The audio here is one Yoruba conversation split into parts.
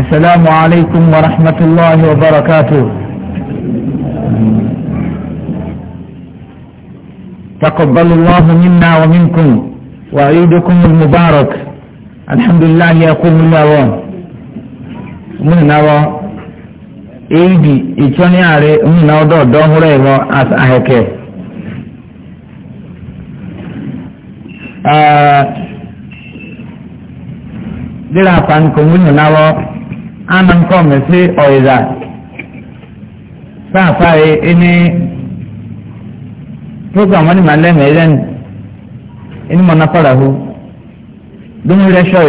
السلام عليكم ورحمة الله وبركاته تقبل الله منا ومنكم وعيدكم المبارك الحمد لله يقوم الله ومننا eidi ìtsọ́ni ààrẹ ńnà ọdọ ọdọ ọhúrọ ẹ̀rọ ahẹ́kẹ́. dira afanikò múnyìnnáwó ana nkọ mmesi ọyịza saafa yi e, e ịnị program wani ma ịnị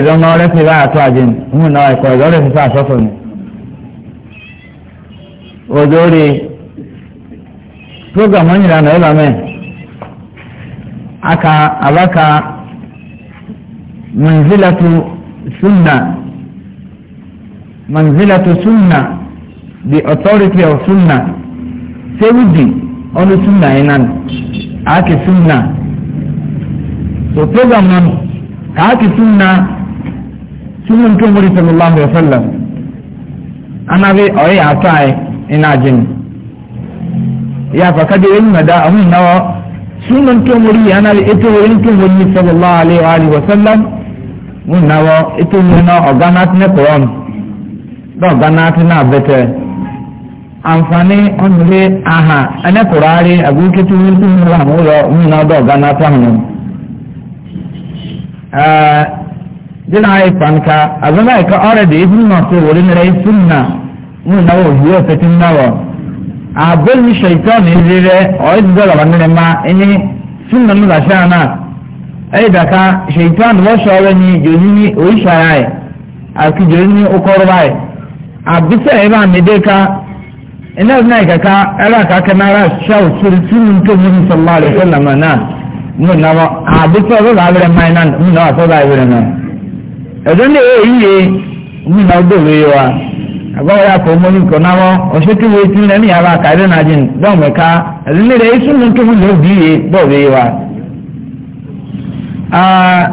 e na ọrịa fịrị atụ na ọkọ ịzọ ọrịa fịrị asọfọ nị ọdọọrị program ọ na ịba aka abaka manzilatu sunna Manzila to sunna the authority of sunna sewudi ọdún sunna yẹn nan aaki sunna so program nan aaki sunna sunna tó múri sallallahu alaihi wa sallam ana bi ọyẹ ataayi ina ajin ya faka de eyin mada ọhún náwó sunna tó múri ana bi ètò eyin tó múri sallallahu alayhi wa sallam ọhún náwó ètò yẹn náà ọ̀gá náà ti dọ́ọ̀gá náà ti náà bẹ̀tẹ̀ àǹfààní ọ̀nùlé àhà ẹnẹ́kùrọ̀árí àgbékétí wọ́n tún mú àwọn ọ̀rọ̀ nínú dọ́ọ̀gá náà tọ̀hún. dina ayi fanka azama ika ọrẹdi ibi nọ sí wòlé nira isin na mú náwó òhìí ọ̀fẹ́tì náwó àbẹ́ni ṣèyítọ́ ní rírẹ́ ọ̀ẹ́dì dọ́là wà nílẹ̀ máa ẹni sínú nínú àṣà náà ẹ̀yẹ́ dàka ṣèyítọ́ àdúgbò ṣọ́ọ́rẹ́ ni jòní ní oríṣàrá ẹ̀ àti jòní ní okọ́rọ́ báyìí abisa ɛba medeka ina zina kaka ɛra kaka nara shaw sirtun to mun sallallahu alaihi wasallam na mun na ba abisa ba ba bere mai nan mun na so da bere nan ezo ne e yiye mun na do we wa agba ah, ya ko mo ni ko na mo o se ti we tin ni ara ka re na jin do me ka ezo ne re sun nun to mun lo bi do we wa a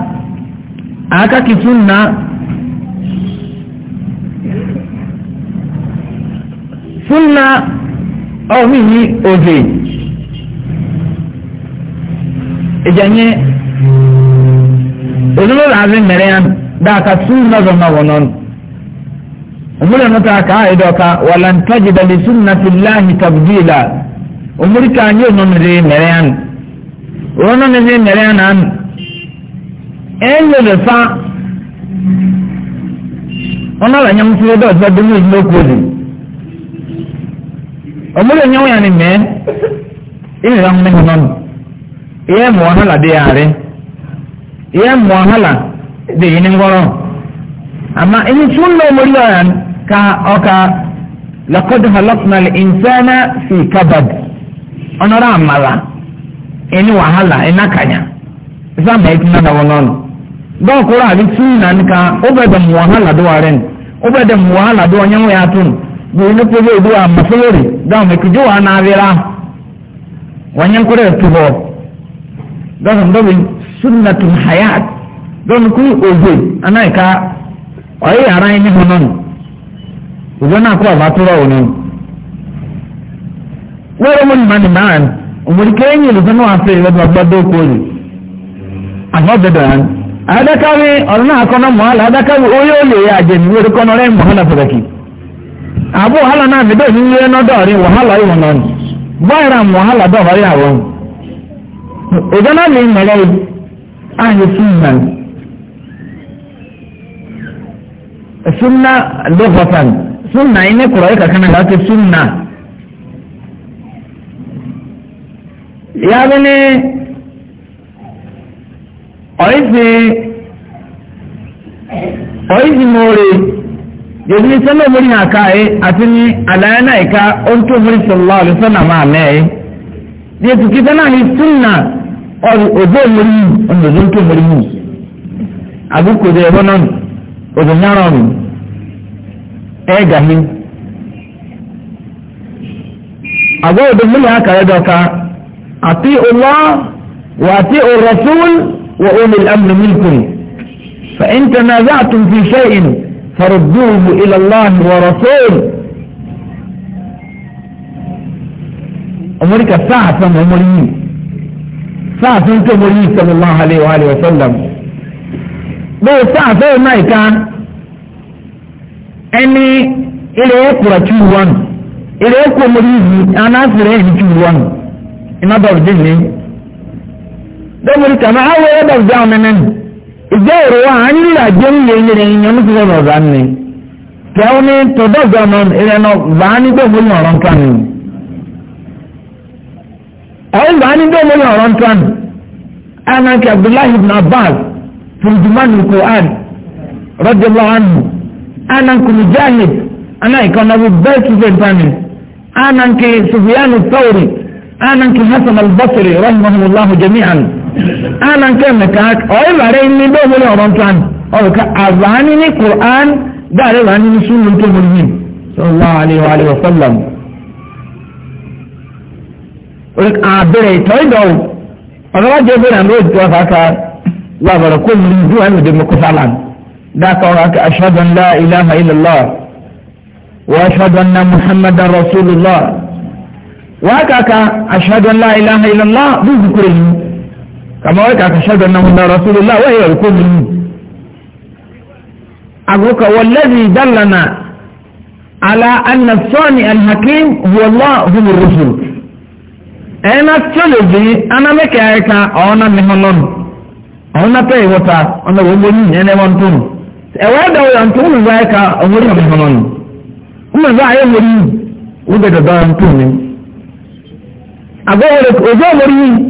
aka ki sunna súnà ọ̀hún yìí òjè ìjà yẹn olórí làbí mẹrẹ yẹn dàkà súnà zọmọ wọn nọ omúlẹ̀ nọ́tà kàá ìdọ̀ka wàlàntàjì dàlí súnà tìláhì tàbdìlà omúlẹ̀ kàá yóò nọ mẹrẹ mẹrẹ yẹn wọn nọ mẹrẹ yẹn nànú ẹ̀ lè lè fa wọn náà lè nyẹ́ dọ̀tí ọdún yìí lókòó ọmọdé nyɛ wọn yà ni mɛɛ ɛyẹ yà wọn mɛhìn nɔnù ɛyẹ mọ ɔhala de yàrá ɛyẹ mọ ɔhala de yìí ni ngɔrɔ ama ɛyẹ tún lọ ọmọdé yà yàn ka ɔka lakɔdé halakuna lè nsɛnɛ fi kabad ɔnɔdé amala ɛni wàhálà ɛna kanya ɛsɛ bɛyɛ tún nana wọn nɔnù dɔw kura tún nani ka ɔbɛ dɛm wàhálà do wa rɛ ɔbɛ dɛm wàhálà do wa nyɛ wọn yà tún gbogbo kpebe edu a mafolori dɔn mekudu wa naabira wanyan kore tubɔ dɔn dɔbi sunnatun hayat dɔn kuri oge ana ka ɔye ara yi ne ho nɔn oge na kɔ ɔba tora wɔn mu wɔre mu nima nima an omori kee nyi lusa na wafe yi wɔde ɔba dɔɔ kori afɔ dodo an adaka bi ɔno na akɔnɔ mɔ ala adaka bi oye ole yɛ agye mi wɔde kɔnɔ ɔrɛ mɔ hɔ na pɛtɛki. abụ wahala náà mi bẹ́ẹ̀ nílé nọ́dọ̀ wahala yìí wahala dọ̀rọ̀ yà wọ́n. na náà lè mẹ̀rẹ̀ yìí àyè sunna sunna lọ́fọ̀tàn sunna yìí ní kúrọ̀ yìí kankan náà sunna. yẹbi ní sẹ́lẹ̀ omori hàn a yẹ àti ní àdáyé on ìka ohun tó omori sọ̀rọ̀ ọ̀lẹ́ sọ́nà máa mẹ́ ẹ. ní ètò kíkẹ́ náà ní súnà òjò omori yìí ọ̀nàdó tó omori yìí àbúkò dé ẹ̀bọ́n náà òjò nyárọ̀ mi ẹ̀ gàhí. ati òjò mílíọ̀nù àkàrẹ́ dọ̀ka àti ọlọ́ wà àti ọ̀rọ̀ fún wọ́n a amúnimí kùn. فإن فردوه إلى الله ورسوله أمريكا ساعة أمريكا ساعة أمريكا أمريكا صلى الله عليه وآله وسلم بو ساعة أمريكا أني إلى أكبر تشوفون إلى أكبر مريض أنا أصير إيه تشوفون إن أبو الجنة ده أمريكا ما هو أبو الجنة منه ìjẹ́rò wa à ń lílà jẹ́ ń lè yẹrẹ ìyẹn ní sísọ lọ́dà ni kẹ́wọ́n ní tọ́dọ̀gbà mọ́ ìrẹ́nà bàá ní gbogbo ní ọ̀rọ̀ nǹkan ni. àwọn bàá ní gbogbo ní ọ̀rọ̀ nǹkan ni. anak abdullahi ibn abbas turjuman al-quran radiyallahu anhu anak mujahid anak ikonabu best friend tani anak sufyan al hasan al-basri jami'an ana nke mmeka ọyị bara ndị ndị obodo ọrụ ntụ anyị ọrụ ka azaani ni kur'an gaara ba ndị sun nke murmin sallallahu alaihi wa alihi wa ọrụ ka abere tọyị dọwụ ọzọba jẹ bẹrẹ àmì òjò ọfà ká wà bàrà kó mi ní ìdúwà ní ìdèmọ kọsàlà dáka ọrọ aka ashadu an la ilaha illallah wa ashadu anna muhammadan rasulullah wa aka ka ashadu an la ilaha illallah bí zikiri yìí kama wai kaka shaɗa na hunna rasulullah wai yau ko mun abuka wallazi dallana ala anna sani alhakim wallahu hum rusul ena tolobi ana meke ka ona mihonon ona pe wota ona wo ngoni ene wantun e wada wo antun zai ka omori mihonon kuma za ayo mori uga da da antun ne agora ojo mori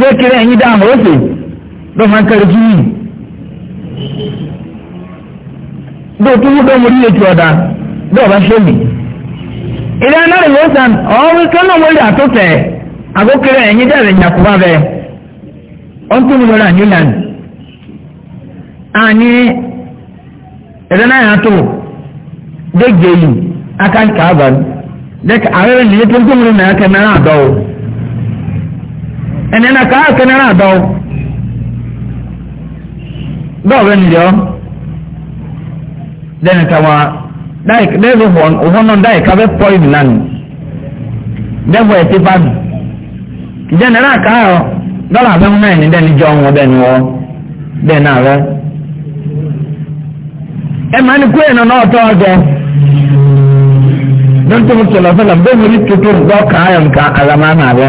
jẹ́ kiri ẹ̀yin dáhùn ó sì lọ́ máa ń kárí jí yìí. bí o tún wúdọ̀ mo rí ètò ọ̀dà bí ọba ṣe mi. ìdá náà yóò sàn ọ̀hún kánà mo rí àtúntẹ̀ àgókèrè ẹ̀yin dáhùn ẹ̀yìn àkùbá bẹ́ẹ̀. ó ń tún mi lọ́ra ní ìlànà. àní ìdá náà yàtò dé gèlì akáǹkà àbàlù dẹ́ka àárẹ̀ nìyẹn tó ń tún mi lọ́ra ní ẹni na kaa kene na dɔw dɔw bɛ nidiyɔ dɛni kama dayi dɛbi hɔn hɔnɔ dayi kabe pɔyi nani dɛbɔ eti fami dɛni na kaa yɔ dɔla abɛ mu nayi ni dɛni jɔn wɔ dɛni wɔ dɛni abɛ ɛma ni kue na n'ɔtɔ ɔjɔ dɔntu mu sɔlɔ sɔlɔ bɛ mu ni tutu dɔ kaa yɔ nka alama na abɛ.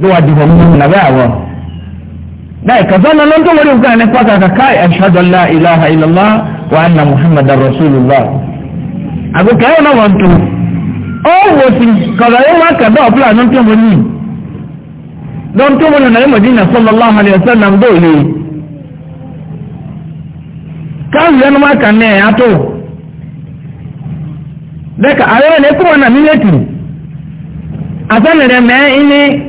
do wa dìbò mímu nà bẹ́ẹ̀ àwọ̀ dáì kàfẹ́ nà lọ́n tó wọlé nǹkan ní pàtà kàkà àṣàdọ̀lá ìlàhà ìlàlá wà á nà muhammadu rasulillah àgùkà yẹn náà wọ́n tó ó wò sí kọ̀dọ̀ yẹn wá kàdọ̀ ọ̀pọ̀lọ̀ àná tó wọlé lọ́n tó wọlé nà ẹ̀mọ̀dé nà sallallahu alayhi wa sallam dóòlè káwé yẹn wá kà náà yàtò dẹ́ka àwọn ẹ̀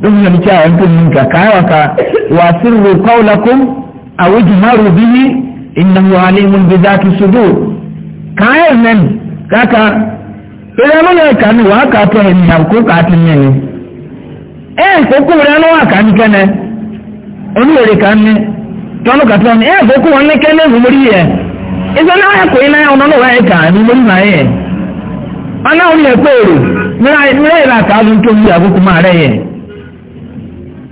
don yana cewa yankin ninka kayawa ka wa sirru qaulakum aw ijmaru bihi innahu alimun bi dhati sudur kayan nan kaka idan mun ka ni wa ka to hin nan ko ka tin ne eh ko ku ran wa ka ni kana oni ore kan ne tonu ka tan eh ko ku wan ne kan ne muri ye idan na ko ina ono no wa ka ni muri na ye ana oni e ko ro mi ra mi ra ka lu to mi abuku ma re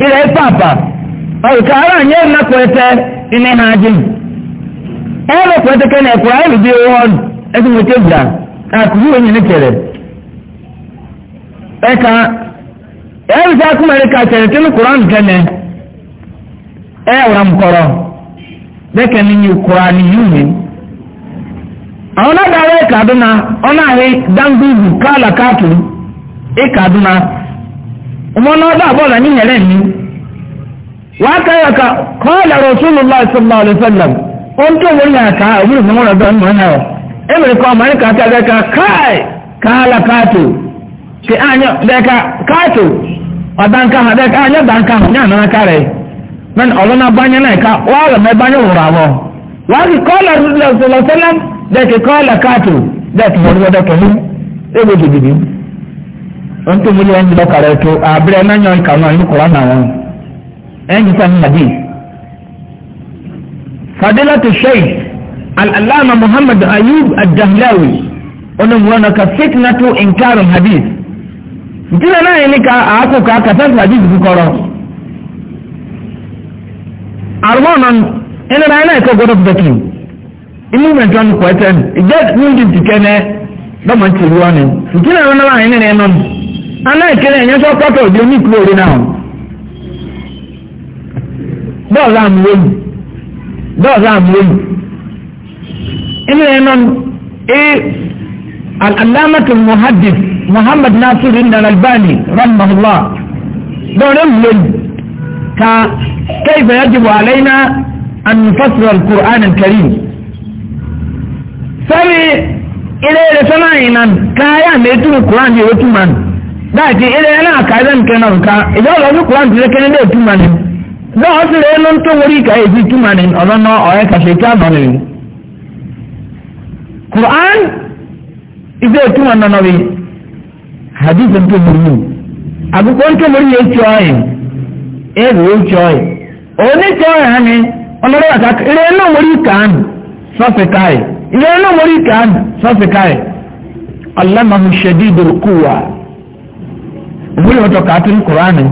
ilẹ̀ pàpà ọ̀rùka ara nyẹ́ nà pẹ̀tẹ́ ní ha jẹ́ ẹ pẹ̀tẹ́ kẹ́ ẹ̀kọ́ ayé lùdí owó ọ̀nù ẹ̀sìn mo tẹ́ gbà àkùrú òyìn ní kẹrẹ ẹ̀ka ẹ̀rù ká kẹrẹ ní bẹ́kẹ̀ yìí kura yìí mi àwọn ẹ̀ka ọ̀nà káàkiri ẹ̀ka ọmọlá ọdọ àbọ̀là ní ìyẹlẹ mi wàá káyọ̀ ká kọ́ọ̀lá rasulillah sallallahu alayhi wa sallam ohun tó wọlé àká òbí ìfún wọn ọdọ ọmọ náà ẹmẹrẹ kọ ọmọ nìkan tẹ ẹka káì káàlà káàtó kí ànyọ dẹka káàtó ọ̀dànkà hàn dẹka ànyọ dànkà hàn ní àná kárẹ̀ mẹ́ni ọ̀lọ́nà bányẹ náà ká wàá rẹ̀ mẹ́ bányẹ wòrò àwọ̀ wàá kí kọ́ọ̀lá rasulillah sallallahu alayhi wa sallam onto mu yɛn nyɛ kare to abirɛ na nyɛ nka no ɔyɛ kora na wɔn ɛn nyipa ne hadi fadila to sheikh al'alama muhammad ayub adahlawi ɔno mu wɔn ka fitna to inkar hadith ntina naa yɛ nika aako ka kasa to hadith bi kɔrɔ armɔnɔn ɛnna naa yɛ naa yɛ kɔ gɔdɔ bɛtɛ imu mɛntɛ ɔno kɔɛ tɛ ɛgya nyɛ ti kɛnɛ dɔmɔ ti ruwa ne ntina naa yɛ naa yɛ nɛnɛ nɔ no aláìkéré ẹ̀yẹ́ sọ pọ́tọ̀ di oníkùú òde náà bọ́ọ̀lù àmúlòyìn bọ́ọ̀lù àmúlòyìn inú ẹ̀ náà ẹ alámàtò muhaddis muhammad nasiru ndal albani rahmahullah bọ́ọ̀lù àmúlòyìn ka kaifa yajibu alaina an nufasira alquran alkarim sabi ilé ìrẹsọ́nà ìnan káyà mẹ́tùrù quran yóò túmọ̀ nù dáàtì ilé ẹ̀ náà kàdé nìkan náà nǹkan ìjọ lọ sí kuran tó lékè nílé ìtumọ̀ ni náà sì lè nu tó wọlé ìka èyí ìtumọ̀ ni ọ̀nà náà ọ̀rẹ́ kàṣẹ ìka àbọ̀rẹ̀ rẹ̀ kuran ìdí ìtumọ̀ nọ̀nà bi hadith tó mú mi àgùkọ́ tó mú mi yẹ tí ọ̀yẹ ẹ̀ rẹ̀ yẹ tí ọ̀yẹ òní tí ọ̀yẹ hàn ni ọ̀nà rẹ̀ kàkà ilé ẹ̀ náà wọlé ìka àná sọ́fẹ̀ káyẹ̀ ilé ẹ̀ náà wọlé ìka àná sọ́fẹ̀ ìwúlò ọ̀tọ̀ kàtún kùránì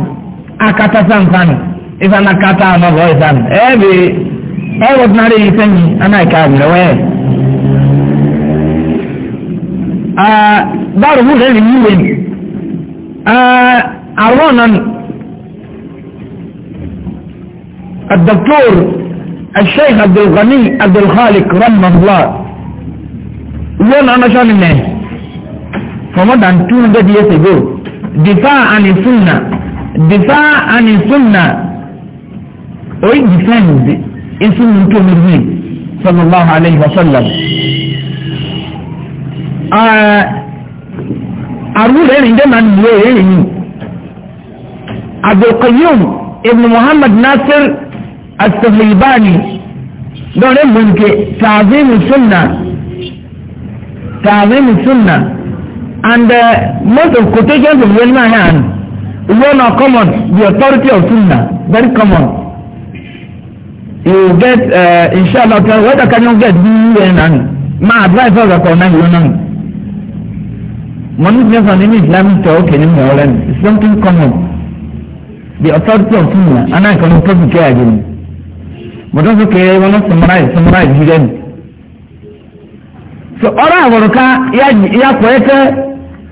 akata sanfani ìfana kata anọbọ ìfani ẹbí ẹwọ tí nàlẹ yìí sẹyìn anáìka àgbẹwẹ. báwo wúlò ẹni yíwé ni àwọn ọ̀nà الدكتور الشيخ عبد الغني عبد الخالق رحمه الله لون انا شان منه for more than 200 years difaa ani sunna difaa ani sunna oyi difenzi isunni tomiri sallallahu alayhi wa sallam arúgbó ẹni dẹ́ máa ń lu èrè yìí abdulkayyum ibn muhammad nasir asafibani lọ́rẹ́ mọ̀nkẹ́ tààzí musunna tààzí musunna. And uh, most of quotations of Yelma Han, when are common, the authority of Sunnah, very common. You get, uh, inshallah, whether can you get BUN and my advice was a corner, you know. Money is an Islamic talk in Ireland. It's something common. The authority of Sunnah, and I can put it again. But also, okay, I want to summarize, summarize again. So, all right, I want to, yeah, yeah,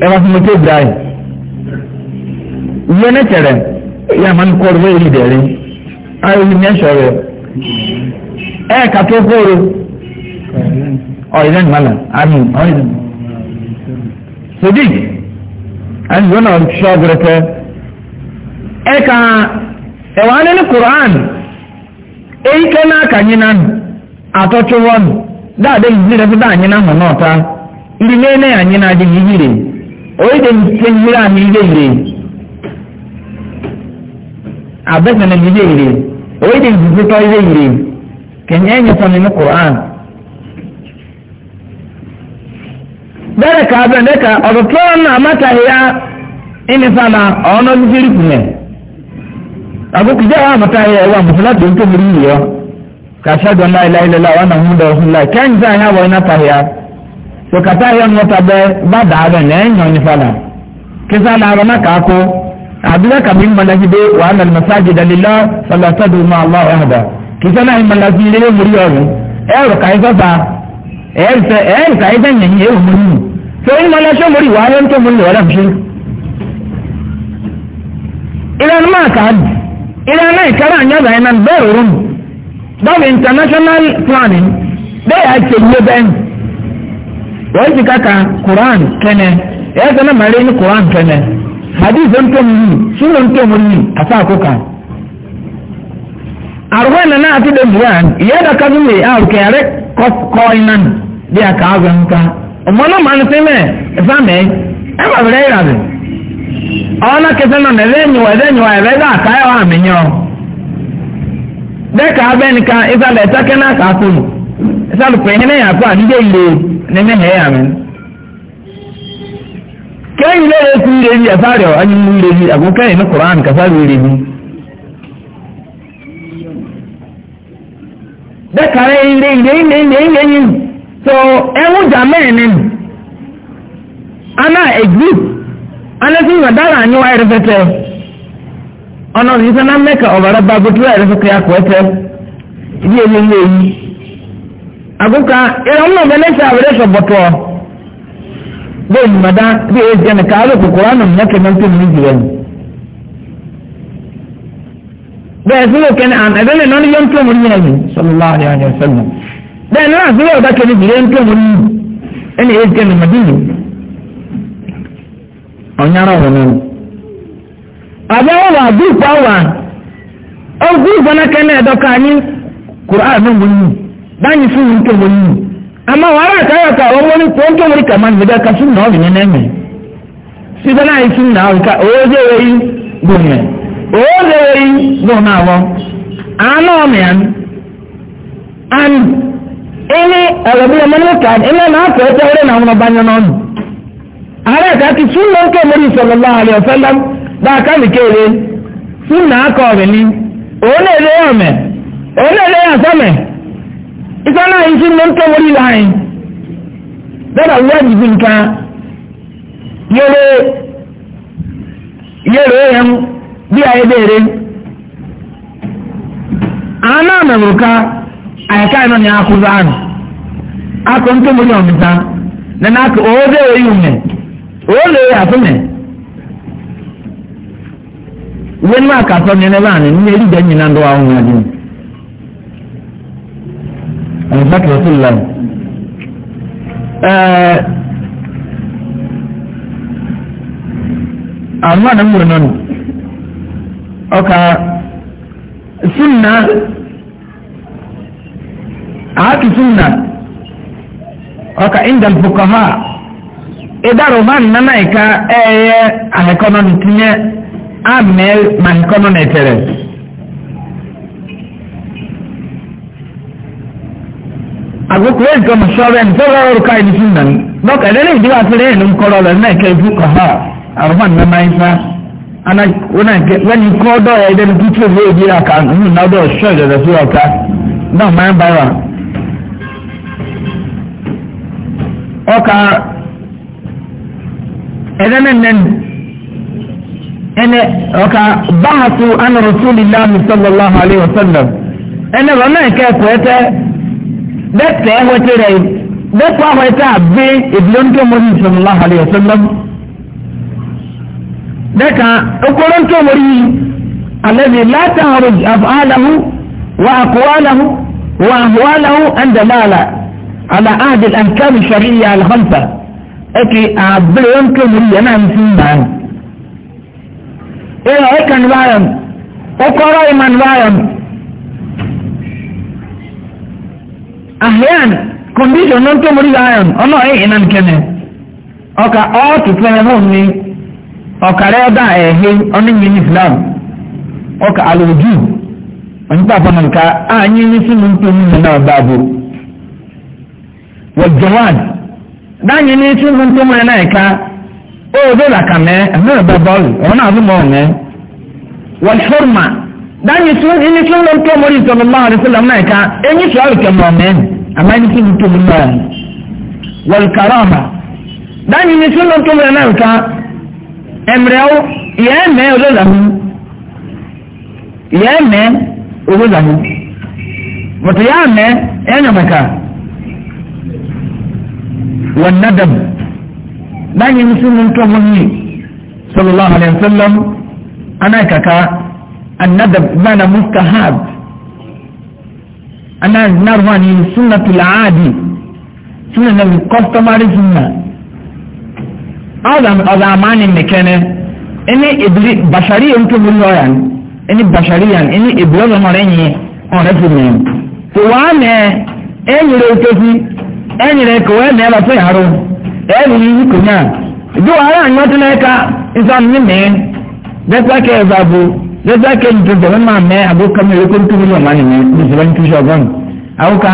ẹwà fún mi tó dra yìí yẹn tẹrẹ yà máa ń kọ́ ọ̀rọ̀ èyí dẹ̀rẹ̀ ayé mi ẹ̀ sọ̀rọ̀ ẹ̀ kàtó kóró ọ̀ ìlẹ́ nìmọ̀lá àmì ọ̀yìn sadiq àti wọn náà sọ gbẹrẹtẹ ẹ̀ ka ẹ̀wà ní ní quran èyí kẹ́ náà kà nyiná nù àtọ́tí wọn dáadé nìyí rẹ̀ fi dáa nyiná hàn náà ta ìdílé náà yà nyiná di yìí rèé oyede nse nyira mi ile ile abẹsẹlẹ mi ile ile oyede nsusu tọ ile ile kẹnyẹ ẹnyẹ sọ nínú koran bẹẹ ka abẹ bẹẹ ka ọtọtọ ọnà amatahi ya ẹnifana ọ̀nà ọdúnfẹ́rì kùnẹ̀ àkókò jẹ́ àwọn amatahi ya ẹwà tó ń tóbi rí kàṣà dọ̀ ńlá ilá ilẹ̀ la wọn àwọn ọmọdé ọ̀hún la kẹ́hìn sáà yà wọ̀ ẹ̀ náà sokata yɛ mɔta bɛ ba daa bɛ nɛ nyɔ nifa la kisa laara na kaa ko abila ka min manaji de wa ana masaji dalila salata du ma allah ahada kisa na manaji de le muri yɔrɔ ɛyɛ ka yi sɔsa ɛyɛ sɛ ɛyɛ ka yi sɛ nyɛnyi ɛyɛ muri mu so in manaji muri wa ayɛ ntɛ muri wɛrɛ fi iran ma wọ́n ti kaka kuran kene ẹ̀yẹ́ sẹ́nà màrí ní quran kẹ́nẹ́ hadith tó mu yìí súnmọ́ tó mu yìí àfa àkókò. àrùwẹ̀ nana àti dèbúrán ìyẹ́ dàka bí mi àrùkẹ́ àrẹ kọ́ inan bí a kà á zọ nǹkan ọmọ náà máa ń sin mẹ́ ẹ̀fá mẹ́ ẹ bá ọ̀nà kẹsẹ̀ náà ẹ̀rẹ́ ẹ̀rẹ́ ẹ̀rẹ́ dẹ́ka ní mẹ́hẹ̀ yà mí. kẹ́yìn lọ́wọ́ kú a yìí àfáàrí ọ̀ anyi mú ilé yìí àgbo kẹ́yìn ní koran kàfáàrí ilé yìí. dẹ́kàrẹ́ ilé ilé so jà mẹ́rin ni ẹrẹfẹtẹ ọ̀nà mẹ́ka ọ̀bàrà bá ẹrẹfẹtẹ akọ̀ aguka irin nan bane shi abu da shabbatuwa zai mada zai iya ka azu kukura nan na kenan tun ni jiya a dole nan yan to muri ne sallallahu alaihi wa sallam da nan zuwa da kene jiya yan to muri ene e báyìí fún mi tó wọ yìí àmọ́ wàhálà àtàyàtà ọmọ ní kó tó wọlé kàmá nìgbà ká fún náà ọ̀bì nínú ẹ̀mí síbẹ̀ náà yìí fún náà nǹka owó dé wọ yìí gbòm yẹn owó dé wọ yìí gbòm náà wọ àánú ọmọ yẹn and ẹni ọ̀rọ̀bí ọmọ ní ká ẹni ọ̀nà àpò ẹ̀tọ́ ẹ̀rẹ́ náà wọn bá yẹn náà nù àárẹ̀ ká ti fún náà kẹ́ mọ́ni sọ̀rọ̀ láàrin ọ̀fẹ́ lám dáká nìkéèrè fún náà kọ̀ ọ̀rẹ́ ni òun náà ẹ̀rẹ́ ọ̀mẹ̀ òun náà ìfẹ́ náà yìí nke nwere ń tọ́wọ́ líla rìn dọ́dà wájìbì nǹkan yẹ́rẹ́ yẹ́rẹ́ yẹn bí a béèrè àwọn ka mẹ̀rù ká àyíká a kú záàrù akọ ń tọ́wọ́ líla ọ̀mìta nana akọ owó béèrè yìí mẹ̀ owó lè yà fún mẹ̀ wọ́n máa na sọ ní ẹni báyìí alifatwa sallam amma nan mu nan oka sunna aki sunna oka inda alfuqaha idaro man nana ika eye ahekono ntinye amel mahekono netere àgùkù yẹn kọ́ sọ́rẹ́ ní sọ́rọ́ ọ̀rọ̀ ká ẹni fún nàní dọ́kà lẹ́lẹ́ ìdíwà sílẹ̀ ẹ̀lú nkọ́rọ̀ lọ náà kẹ́ ikú kọ̀ọ̀hà àrùfàn nà máa ń fa wọ́n ní kọ́ dọ́ ẹ̀ dẹ́nu kútu owó ìdí àká nínú náà dọ́ ṣọ́ ìdọ̀dọ̀ sí ọ̀ká náà máa ń bá wa. ọkà ẹ̀dẹ́nẹ́nẹ́nu ẹnẹ ọkà báhàtú anà rasulillah sallallahu alayhi wa náà kẹ́ ẹ̀kọ́ ẹ̀tẹ́ bẹ́ẹ̀tẹ̀ ẹ̀ wọ́n ti rẹ̀ bẹ́ẹ̀kọ́ àwọn ẹ̀ta àbí ìdílé ń tó mọ́ ní ìṣòro ńlá àlẹ́ ọ̀sán lọ́mú. bẹ́ẹ̀ka okòrò ń tó mọ́ ní alẹ́bí látàrọ̀ àfàlàhù wà àkọ́wàlàhù wà àhùwàlàhù ẹ̀ndàláàlà àlà àdìl àǹkàmì sàríyà àlhàmsà ẹ̀kì àbúrò ń tó mọ́ ní yẹn náà ń ahịan kọndishọn eh, eh, ah, na ntọmori ayon ọnà ẹyìn iná nkẹnẹ ọkà ọtú fẹrẹ hàn ní ọkàrẹ ọdá ẹhẹ ọnìyìn ní islam ọkà alòjú ọnyípa àfọnà nke ànyìn ní sínú ntọmi na ọba àbúrò wọjọwàn dáhìn ní sínú ntọmi nínú ẹka ó dé làkàmẹ dáyé tó ẹni tó ló ń tó mọ́rí ìtọ́nù máa àdìsílẹ̀ náà ká ẹni tó àrùkẹ́ mọ́ mẹ́rin àmọ́ ẹni tó ń tó mọ́ mẹ́rin wọ́n kàrọ̀ ọ̀mà dáyé ni tó ló ń tó mọ́rí náà ká ẹ̀mìrẹ́ ó ìyá ẹ̀mẹ́ olóòlàmú ìyá ẹ̀mẹ́ olóòlàmú mọ̀tò yá ẹ̀mẹ́ ẹ̀yọ̀mẹ̀ká wọ́n nádàm dáyé ni tó ló ń tó mọ́rí sọlọ́lá الندب معنى مستحب أنا الندب يعني سنة العادي سنة الكاستمر سنة أعظم أعظمان المكانة إني إبري بشري أنتم بالله إني بشري يعني إني إبري مريني أعرف منهم فوانا إني لو تفي إني لك وين يلا تيهرو إني لك نعم دو أرى أن يتنك إنسان مني دفلك يزابو lọ́jọ́ kejì tó jẹ̀mọ́ máa mẹ́ àbúkọ́ mi lókè tó wúlò máa nìyẹn ní ìṣẹ̀lẹ̀ ní túṣọ̀ gan. àwòká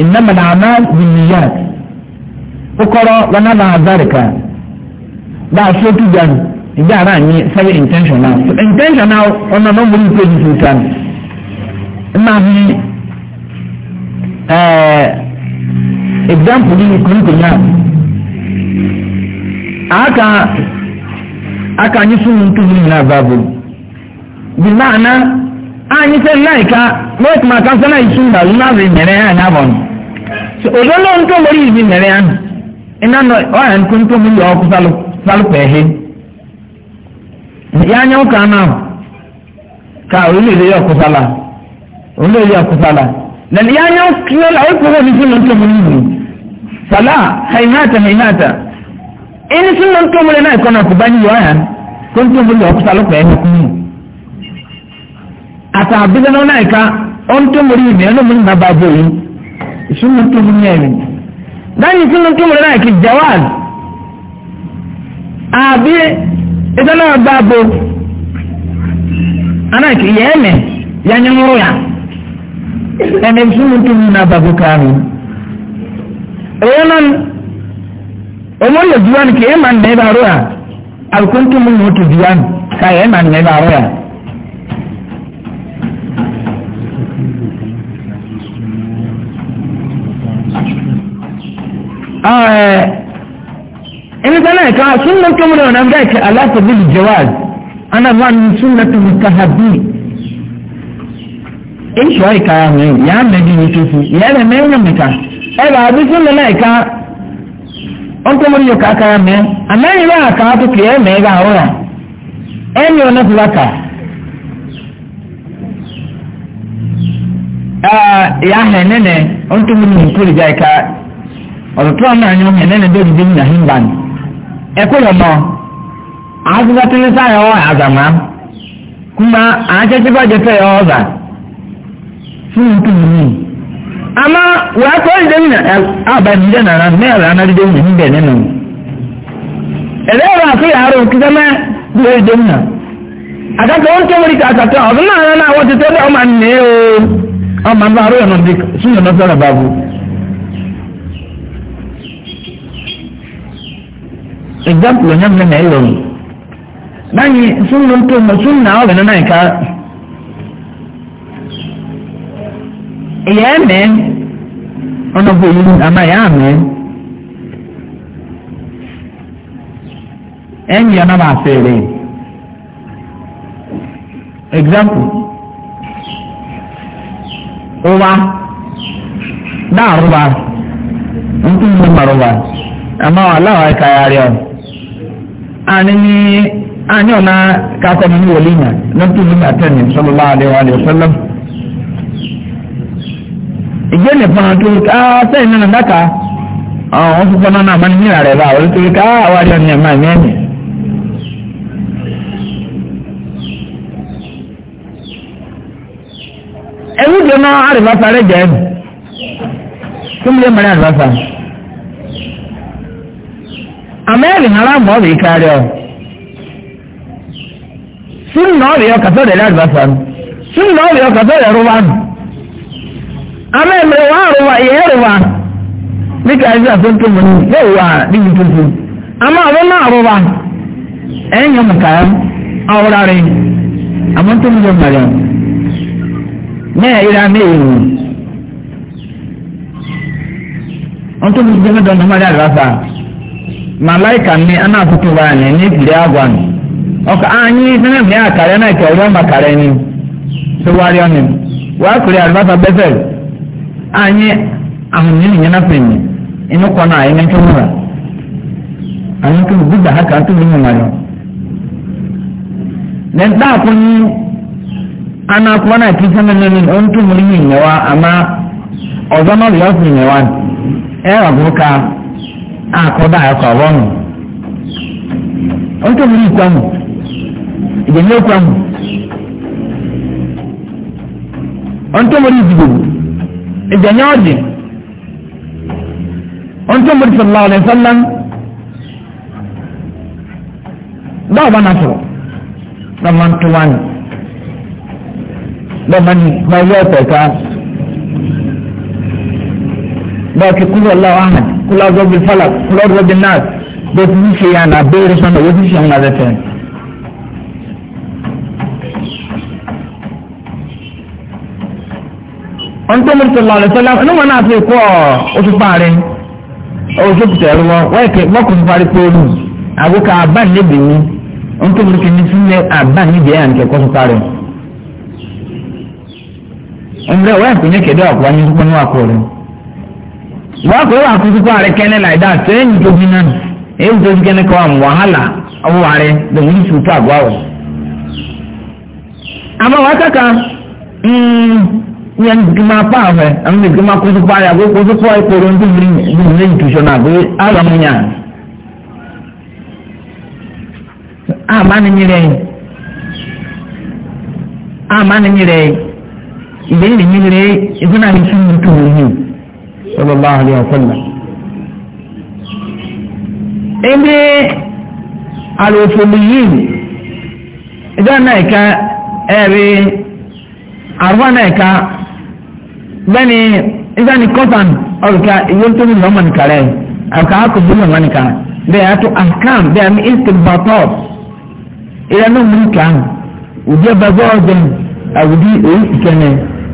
ìnáma náà máa di nìyà kókọ́rọ́ lọ́nà náà dárìkà bá a sọ́tù gan ìdí ara ní sẹ́yìn intentional so intentional ọ̀nà náà wọ́n mú ìpèjì sí ìtàn. máa fi example yìí kúrúkú náà àáka. aka anyị sụ ntu na maana anyị sị laika mee ka ka maka isu na luna bi mere ya na bọ odo lo ntu mori ibi mere ya ị ọkụ ya anya ụka na ka orile ya ọkụ sala orile ya ọkụ sala na ya anya ụka na ọkụ sala ọkụ sala ẹni tí wọn tó múlẹ̀ náà kọ́ náà kò bá ní yọ ọ̀hán tó ń tó múlẹ̀ ọ̀kúta lọ́pọ̀ ẹ̀ nìkú mi. àtà àbílẹ̀ náà náà ká ọ̀ ń tó múlẹ̀ ìmẹ̀ ẹ̀ ló múlẹ̀ bàbá bò yìí ìṣúná tó múlẹ̀ ẹ̀rìn. dáhùn ìṣúná tó múlẹ̀ náà kì jawad àbí ìṣẹ́ náà bá bò anáàkì yẹ ẹ̀mẹ̀ yányánwó yá ẹ̀mẹ̀ ìṣúná tó múlẹ̀ náà bàbá kàánù. èyí náà ọmọ yẹ juwa ni kì í ma nà ẹ bá rọ à àlùkòntì mu nà ó tó juwa ni ká ẹ ma nà ẹ bá rọ à. ẹni sọ́nà ẹ̀ka súnmọ́ tó múlẹ̀ ọ̀nà bẹ́ẹ̀ kí aláṣẹ́bí lè ana ma ní súnmọ́ tó mú káhábì ìṣọ́ ìka yà mẹ́rin yà mẹ́rin ní tó fún yà rẹ̀ mẹ́rin mẹ́ka ẹ̀ bá a bí súnmọ́ náà ẹ̀ka. ọkùnrin yóò aka e e ya mẹ́ anáyìn bá àkà àtúkì ẹ̀ mee gà àrùn à ẹ̀ mi ò ya hẹ̀ nẹ́nẹ̀ ọkùnrin yóò kúrò já ẹ̀ka ọ̀dọ̀tún àmì àyàn hẹ̀ nẹ́nẹ̀ bẹ́ẹ̀ bí nà hìn bàn. ẹ̀kọ́ yọ̀ ya àtúntà tí ní kuma ọ̀ àzàmá kúmá àjẹjẹ bá jẹ fẹ́ ama wa ko inde mina a ba mi da na me ala na de mi be ne no ele wa fi aro ki da me de de mina aga ko on ke wori ka ka ta o na na wa te te o man ne o o man ba ro no dik na babu example nyam na ne yo nani sun no to sun na na na ka ìyá ẹ̀mẹ́ ọ̀nà bòyí àmà ìyá àmẹ́ ẹ̀yìn ọ̀nà máa fèrè example ọwa náà rúwa ntún mú ma rúwa àmà aláwọ̀ ẹ̀ka yàrá ọ̀ àní ní àní ọ̀nà kásánù ní wòlíyàn lọ́tún ní àtẹ̀yìn sọlọ́lá àdéhùn àdéhùn sọlọ́mù ìjẹ́ nìkan tó ká ah, sẹ́yìn náà dáka ọ̀hún fúnpọ̀ náà máa ní ìlà rẹ̀ bá wọlé tó ká àwárí ah, ọ̀nà ẹ̀ma ẹ̀mí ẹ̀mí. ẹ̀wú jẹ́ náà àrìbáfà rẹ̀ jẹ́ ẹ̀mí tó ń lé mọ́rẹ́ àrìbáfà. àmẹ́rì nàrà mọ́ bí kárí ọ sún náà rí ọ kàtọ́ rẹ̀ lárìbáfà sún náà rí ọ rẹ̀ rúbánu. ama emere wa arụwa ya erụwa dịka anyị asọ ntụ ya ụwa dịghị ntụtụ ama ọ na arụwa enyo maka ya ọhụrarị ama mere na-eyiri ama ewu ntụ mụ dị mmadụ na mmadụ agasa malaika ni ana na-ekiri agwa ọka anyị na ọrịa ọnụ kụrụ anyị ahụmịhe na-enyere penye na anyị nke mụra anyị nke gbụda ha ka atụ n'ime mmadụ na na akịsa nyewa ama ọzọ na ọrịa ọfụ nyewa ẹ e ọgụ ka akọda akọ ọhụrụ onye tụ mụrụ ikwa mụ ìjẹ̀yìn ọ̀dì ohun tó mọ̀tò sọ̀rọ̀ ọ̀lẹ́ sọ́lá báwo bá na sọ̀rọ̀ náà máa ń tó wá ní bẹ́ẹ̀ máa ní máa yọ ọ̀tẹ̀ ká bẹ́ẹ̀ kí kúlọ̀ lọ́wọ́ àhàn kúlọ̀ ọ̀gbọ́n bíi fọlá kúlọ̀ ọ̀gbọ́n bíi náà bẹ́ẹ̀ fi ṣe yàn náà bẹ́ẹ̀ sọ́nà yóò fi ṣe àwọn àrẹ̀tẹ̀. ọ̀ntẹ́mọ̀ sọ̀lá ọ̀lẹ́sọ̀lá níwọ̀n náà fi kọ́ oṣù parí oṣù tẹ̀rù wọn wọ́n mọ́kùnrin parí pẹ́ẹ́lú àgùkà àbánilẹ́bì sílẹ̀ nìkẹ́ kọ́sù parí. kéde ọ̀pọ̀ ní rẹ̀. wà kúkú parí sẹ́yìn tó nye nkima paahụ ama nkima kụsụkwa ya bụ kụsụkwa ekporo ndị mmiri ntuso na bụ alọ m nya ama ibe ndị nyere ife na nsị ntụ ohi sallallahu alaihi wa sallam ebe alofoliyin e ebe anaghị ka ebe arụ anaghị e ka bẹ́ẹ̀ni ìgbàni kọ́sàn ọ̀rùka ìyẹn tó ní lọ́mọ nìkan rẹ̀ àkà ákò bí lọ́mọ nìkan bẹ́ẹ̀ yàtọ̀ àkàm bẹ́ẹ̀ mi ìsìn bàtọ̀ ìrẹ́nu mú nìkan òdi ẹ̀bẹ̀gbọ́ ọ̀dẹ̀n àwùdí èyí ìkẹ́nẹ̀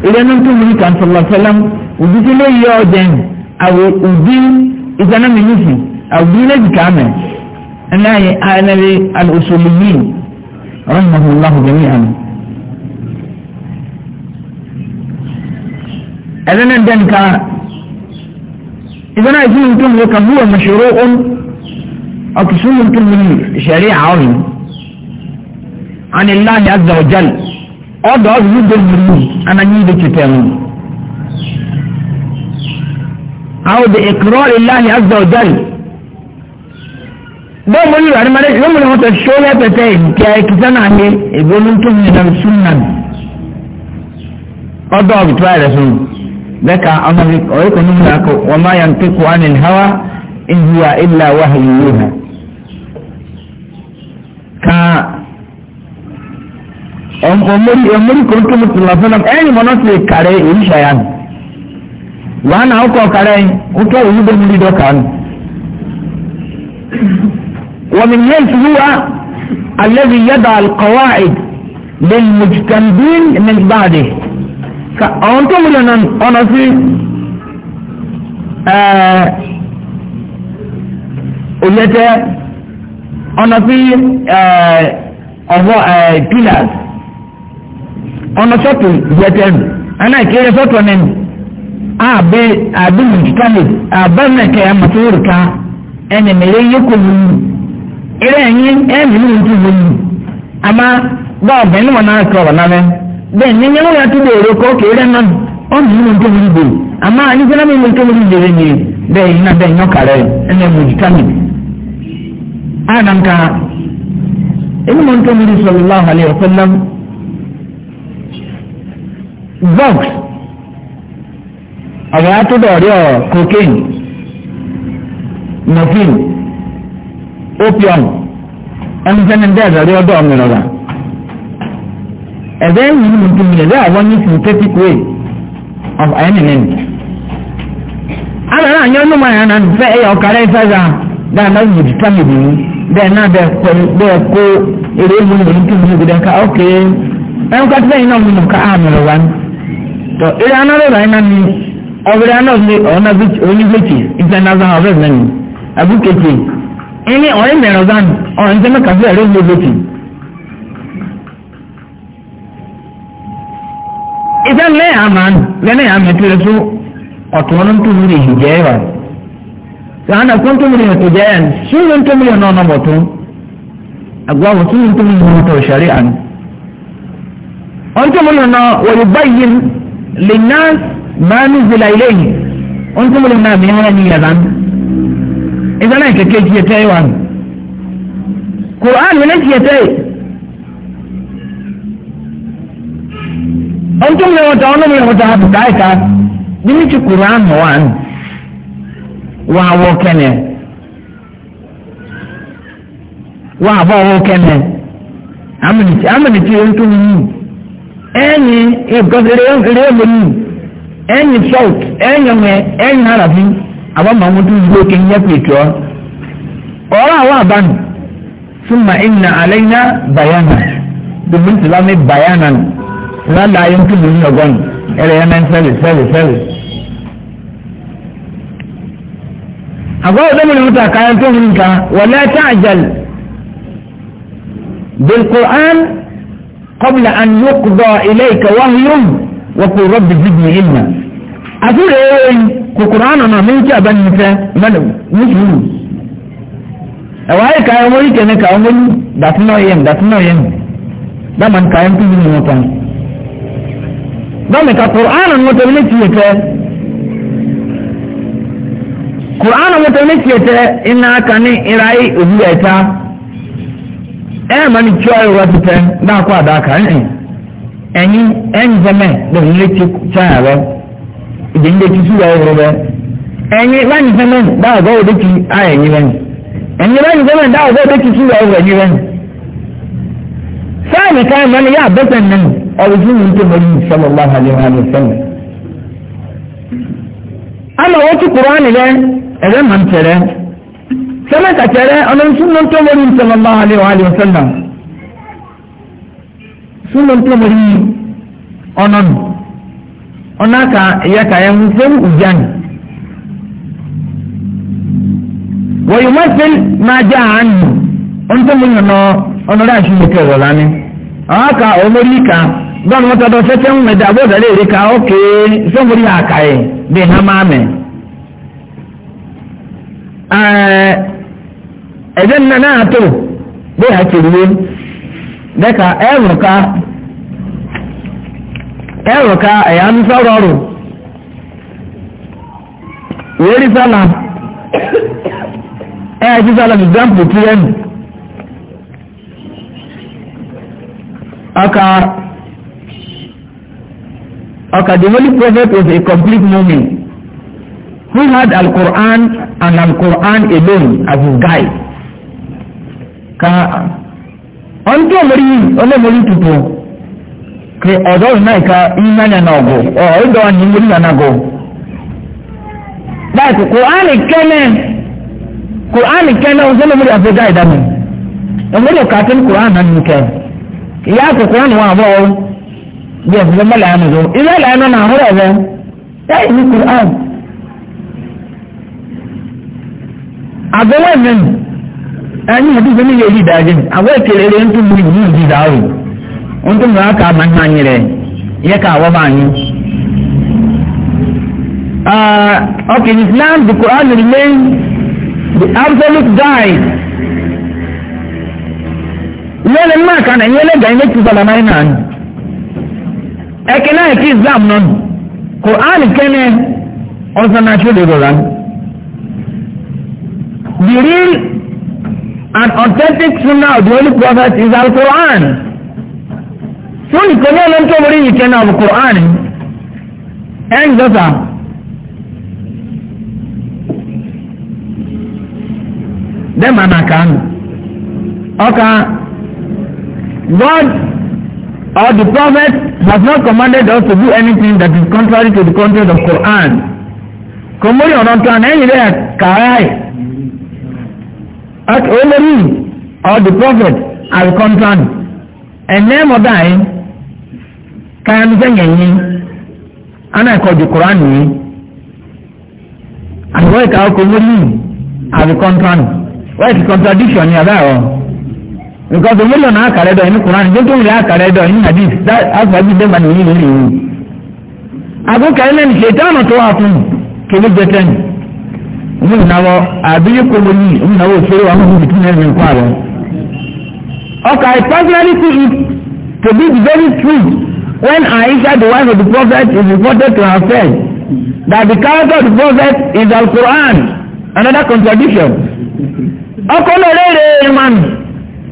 ìrẹ́nu tó mú nìkan sọ̀lọ̀sọ̀lọ́m òdi tí lè yọ ọ̀dẹ̀n àwọ̀ òdi ìgbàna àwùdí lè jìkà mẹ́ ẹnáyẹ أذن دنك إذا أنا أقول لكم لكم هو مشروع أقسم لكم من شريعة عن الله عز وجل أضع ضد المريض أنا نيدي كتابه أو بإقرار الله عز وجل دوم mo أنا ما yóò mú ni wọ́n tẹ ṣó lẹ́pẹ̀tẹ́ ìdíkẹ́ ẹ̀kíṣẹ́ يقول أنتم من السنة ń yẹn lọ ذكى عمرك ويكون هناك وما ينطق عن الهوى إن هو إلا وهيوها ك أمري أمري كنت مطلوبنا أي مناس كاره إيش أيان يعني؟ وأنا أوكا كاره أوكا يجيب مني دكان ومن يلف هو الذي يضع القواعد للمجتمعين من بعده ọ̀hún tó múlẹ̀ náà ọ̀nà sí òyẹ́tẹ́ ọ̀nà sí ọ̀wọ́ pillars ọ̀nà sọ́tù yẹ́tẹ́ nù ẹ̀nà ìkéré sọ́tù ọ̀nà nù àbẹ àbẹ̀mù kíkálẹ̀ àbẹ̀mẹ̀kẹ́ àmọ̀tòrùka ẹ̀nẹ̀mẹ̀rẹ̀ yẹ́kọ̀ọ́ mu ẹ̀rẹ̀ ẹ̀yìn ẹ̀mí ní ìtúwọ́ mu àmà bọ́ọ̀bù ẹ̀ ní wọn náà kọ̀ ọ̀ náà mẹ́rin. bẹ́ẹ̀ ni yẹn wọ́n yà ti bèrè kọ́ kéèrè náà ọ̀nà yìí ló ń tó mi bò àmọ́ àníṣẹ́ náà mi ló ń tó mi bèrè ni bẹ́ẹ̀ yìí náà bẹ́ẹ̀ yàn kàrẹ́ ẹ̀nà mo jìkà mi. ànàmkà ẹni mo ń tó mi rí sọ̀rọ̀ láwọn àlẹ́ ọ̀fẹ́ lám vox ọ̀rọ̀ àtúndọ̀ ọ̀rẹ́ ọ̀ cocaine morphine opium ẹni sẹ́ni bẹ́ẹ̀ rẹ̀ ọ̀dọ́ mi ẹ̀bẹ́ yìí ni nǹkan mi ẹ̀bẹ́ àwọn ní synthetic way of ironing. Àlọ́ náà yọ ọ́nú màá yàrá nù fẹ́ ẹ̀yà ọ̀kadà ìfẹ́sà dáa náà yìí títà mi bìí bẹ́ẹ̀ náà bẹ́ẹ̀ kọ́ bẹ́ẹ̀ kó èrè ìlú ìlú tó mi gbẹdẹ ká ok ẹ̀ ń kọ́tí bẹ́yìn náà mi nù ká àmì rẹ̀ wá ní. Tọ́ eré anáwó rẹ̀ náà ni ọ̀bẹ̀rẹ̀ anáwó ni ọ̀nà onígbèkì international harvest náà ni àbúkèkè ẹni ọ̀rẹ́ mẹ́rọ̀ zan ọ̀ idan le aman le ne amen tire su otonon tu muri hijewa sana kuntu muri hijewa shulun tu muri no no botu agwa wasu tu muri to shari'an onto muri no wa yubayyin linnas ma nuzila ilayhi onto muri na mi hana ni yadan idan ai kake ji tayi wa Qur'an ne ke tayi ọjọ́ mi wọ́n ta ọ́nà mi wọ́n ta àbùkà ẹ̀ka bí mi ti kúrò àná wà ní wọ́n àwọ̀ kẹ́nẹ̀ wọ́n àbọ̀ àwọ̀ kẹ́nẹ̀ àmì tí wọ́n tún mú ẹ̀yìn ìkọ́sẹ̀rẹ̀ ẹ̀yìn mú ẹ̀yìn salt ẹ̀yìn ọ̀hún ẹ̀yìn àràbí àbámọ̀ àwọn tó ń gbé kí n yẹ pètù ọ́ ọ̀rọ̀ àwọn àbánu súnmọ́ ẹ̀yìn àlẹ́yìn náà bàyánà domin tìlámẹ́ bàyánà nù. ládàá ayé ń túbú ní ọgọ́nù ẹ̀rẹ̀ yẹn náà ń sẹ́lẹ̀ sẹ́lẹ̀ sẹ́lẹ̀. àgọ́wò tó múlò múta káyọ̀ tó múlò nǹkan wọlé táàjàl bilkur'an kọ́bìlà àn yókùdọ̀ ilé ìkẹwàá yóò wọ́pọ̀ rọ́bì zidni ilmà. àtúrò ẹ̀rọ kòkòrò náà mi ń kí abẹ́nifẹ́ mẹ́lẹ̀ nísìnyí. ẹ̀wọ̀ ayé káyọ̀ mọ́rí kẹ́ni káyọ̀ mọ́rí dàtúnọ̀ yẹn dàtúnọ̀ yẹn dáàmà káyọ̀ tó múlò nǹkan. dɔmi ka kur'an ŋo tɛ ne tiɲɛ tɛ kur'an ŋo tɛ ne tiɲɛ tɛ i n'a kan ni irayi yɛ ta ɛ ma ni tiɲɛ yɔrɔ ti tɛ n'a ko a da kan ɛ ɛni ɛn zɛmɛ dɔmi ne ti tiɲɛ yɛrɛ ìdí ne ti su yɛ yɔrɔ bɛ ɛni bá ní zɛmɛ dáa gbɔ o de ti a yɛ bɛ ɛni bá ní zɛmɛ dáa gbɔ o de ti su yɛ yɔrɔ nyi bɛ sáà nìkan ẹ̀ mọ́ni yà bẹ́sẹ̀ nínú ọ̀rẹ́dún ní tó mọ̀lú ìṣẹ́lẹ̀ bá hàlẹ́ hàlẹ́ sẹ́lẹ̀. ama wọ́n ti kúrò ánì rẹ ẹ̀rẹ́ màá tẹ̀rẹ́ sẹ́lẹ̀ kàtẹ́rẹ́ ọlọ́sùn ló tó mọ̀lú ìṣẹ́lẹ̀ bá hàlẹ́ hàlẹ́ sẹ́lẹ̀ sùn ló tó mọ̀lú ọ̀nọ́nù ọ̀nà kà ẹ̀yẹ kà ẹ̀ ń fẹ́ ìjánì. wọ́n yóò máa fẹ́ àánú ọ̀n tó mọ̀lú ọ̀nà ọ̀nà dɔnni wata dɔ fɛtɛ ŋun mɛ da bɔ da ka ɔke sɔmori y'a hama mɛ ɛɛ ɛdɛ nana y'a to ha y'a teri ka ɛwɔ ka ɛwɔ ka ɛyà nusɔrɔrò wéri sálà ɛyà sísálà ní dàmpù Okay, the Holy Prophet was a complete mu'min who had Al-Quran and Al-Quran alone as his guide. Ka ọ̀ntọ́ mọ̀rí ọlọ́mọ̀rí tuntun kí ọ̀dọ́ ìnáìka ìnáyà náà gò ọ̀ ọ̀dọ́ ni mọ̀rí náà gò. Báyìí Kùránì kẹ́lẹ̀ Kùránì kẹ́lẹ̀ ọ̀sẹ̀ lọ́mọ̀rí àfẹ́gá ìdámọ̀. Ọmọdé kàtí Kùránì náà nìkẹ́. Ìyá Kùránì wà bọ̀ ọ́ bí ẹ̀fọ́ bẹ́ẹ̀ lànà lọ ilé lànà náà àhọ́rọ̀ rẹ̀ láì ní quran àbẹ̀wò ẹ̀mẹ́n ẹni ìdúgbò ní yóò di ìdájẹ́ àbọ̀ ìkẹrẹrẹ ń tún mú ìlú ìdí ìdáwò ń tún mú àkà àmàhìn àyìn rẹ̀ yẹ ká àwọ̀ bá yín. okay in islam the quran remains the absolute guide lẹ́nu mọ́ àkànnà ìyẹn lẹ́gàá ilé tí sọ̀rọ̀ náà ni ẹ̀kẹ́ náà kí islam náà nù quran kẹ́nẹ́ ọ̀sán náà ṣe lè rọra ní. the real and authentic sunnah of the holy prophet is al quran fún ìkọ́ni ọlọ́ntọ́ orí yìí kẹ́nẹ́ of quran ẹ̀ ń dọ́sà. dẹ́mà náà kàn án ọkà god or the prophet has not commanded us to do anything that is contrary to the content of Quran. Kòmórì ọ̀rọ̀ kan ẹ̀yìn rẹ̀ kàráì. At Olórí or the prophet are contrary. Ẹ̀nẹ́ mọ̀dá yìí káyánúfẹ́ yẹn yín. Ana ẹ̀kọ́ ju Quran yìí. Àgbọ̀ ìkàwé kòmórì are contrary. Wẹ́ẹ̀sì contradiction ni àbẹ́ àwọn because èyí lọ́nà àkàrẹ́ dọ̀ ní kuran jẹ́ kéwìrì àkàrẹ́ dọ̀ ní hadith that afabi dẹ́gbà ní yìí lórí ìwé. àgùkà ẹlẹ́ni ṣètọ́nà tó wà fún kébé jẹtẹ́ni ọmọ ìnáwó àbíyí kòmò yìí ọmọ ìnáwó òṣèré wà fún bìtú náà ní nǹkan àrùn. ọkà I personally see it to be the very truth when Aisha the wife of the prophet is reported to have said that the character of the prophet is Al-Quran another contradiction. ọkọ lóore rẹ̀ ẹ̀ mánu.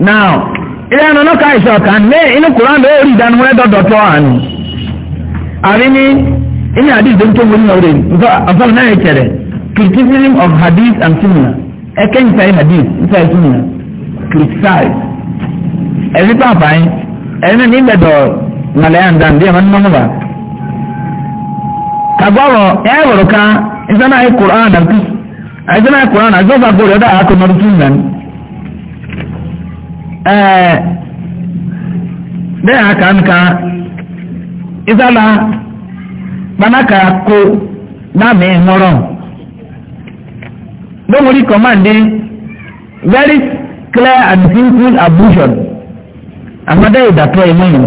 now ilé ẹnu náà káyìí sọ̀kan ní inú koran ló rí ìdánimú ẹ̀dọ̀dọ̀ tó wà ní. àbí ní hadith tó ń náà yẹ kẹrẹ criticism of hadith and similar ẹ̀kẹ́ hadith ń similar criticize ẹ̀rí pàápàá yín ẹ̀rí náà nàlẹ́ bí ẹ̀ máa ń mọ́mọ́ bá. wọ̀rọ̀ kan àti àti ɛɛ bẹ́ẹ̀ àkànkà ìsàlà gbanaka kó dàmí ńlọrọ lómori kọ́mándé very clear and simple ablution àmọ́dé ìdàtọ̀ ìmọ̀nà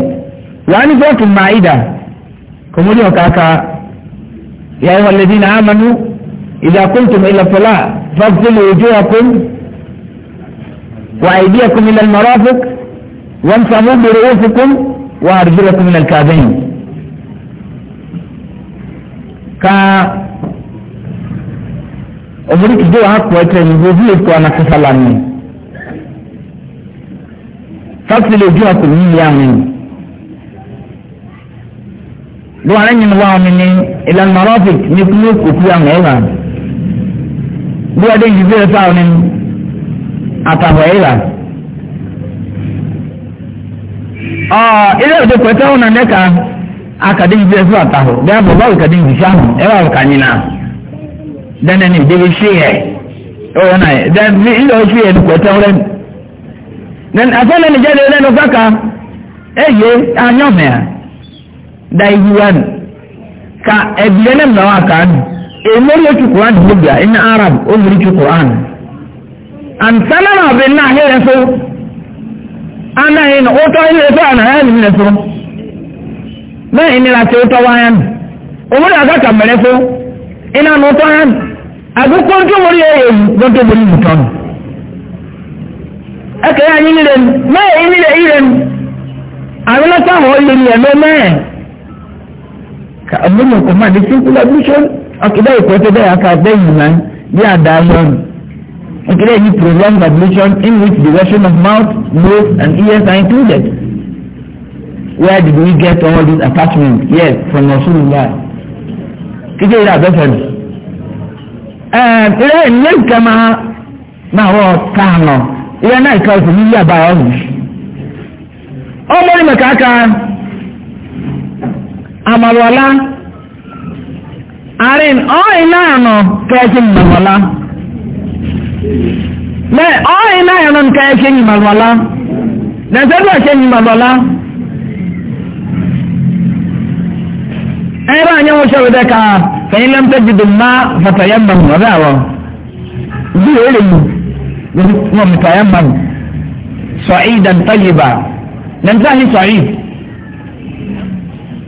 wàá ní sọ́ọ̀tù máa ìdà kòmódì ọ̀kàkà yàrá ìwàlẹ́dínà àmàlú ìdàkùntùm ìlàfọlá fàgbélé ojú ọkùnrin. وأيديكم إلى المرافق وانفموا برؤوسكم وأرجلكم إلى الكعبين ka omuriki do akpọ ẹtẹ nìgbò bí èkó anakasala mi fásitì lè ju àpò yìí yá mi lọ́wọ́n ẹ̀yìn wa ọ̀nì ní ìlànà marọ́fìk ní kúló kòkú àmì ẹ̀wà lọ́wọ́n ẹ̀dẹ́ yìí bẹ́ẹ̀ fáwọn ẹ̀yìn àtàwẹ̀yìrà. ọ ilé ìdè pẹ̀tẹ́ ọ̀hún náà nẹ́ka akadé ibi ẹ̀fọ́ àtàwọ̀ bí a bọ̀ báwo kadé ibi sáà ẹ wà wọ̀ kànyìnà dẹ́nẹ́ ní ìdíbi sí ẹ̀ ẹ wọ̀ náà dẹ́nẹ́ ilé ọ̀sí ẹ̀ ní pẹ̀tẹ́ ọ̀rẹ́ mi. àfẹ́lẹ́ ni jáde lẹ́nu káka ẹ yé anyọ́mẹ́ à dá ibi wá nù ka ẹ̀bí ẹ̀ náà mìíràn wà kàánù èmórí ètù kùránù gbogbo à ẹ̀ ní arab ó mìíràn ètù kùránù. àǹtánà na bẹ náà yẹ ẹsọ anáyìn ó tọ́ ilé ẹsọ àná yẹ ẹsọ ẹsọ bẹ́ẹ̀ ìnira tí ó tọ́ wáyà nù ka àgàkà mẹ́rẹ́ na iná nù tọ́ yẹn àgùkọ́ tó wọlé ya yìí gbọ́dọ̀ wọlé nìtọ́ nù ẹ̀kẹ́ yà ní ilé nù ka ọmọ mi kò di simple ablution ọkì bẹ́ẹ̀ kò tẹ́ aka àkà bẹ́ẹ̀ yìí including he prolonged ablution in which the washing of mouth, nose and ears are included. Where did we get all these attachments? Yes, from Rasulullah. Kíkẹ́ ìlà àbẹ́fẹ́ ni. Ẹ̀ẹ́dẹ́rẹ́ ilé ìkẹ́ máa máa wọ káànà. Ilé náà ìka òsì ní ilé àbá ọ̀hún. Ọmọ ní mẹ̀ka ká àmàlùwàlá. Àárín ọ̀hìn náà nọ kẹ́ẹ̀kì mọ̀lá mɛ ɔyìn náà yẹn lónìí káyà ṣe nyìmà lọ́la nàìjíríà ṣe nyìmà lọ́la ẹ̀rọ ànyẹ́wò ṣọ̀rọ̀ dẹ́ ká fẹ̀yìn lẹ́mpẹ́ dìde má fàtàyà mbà mọ̀ ọ̀dà wọ̀ bí o lè mú wọn fàtàyà mbà mọ̀ sọ̀ọ́yì dantayé bá nàìjíríà ṣe sọ̀ọ́yì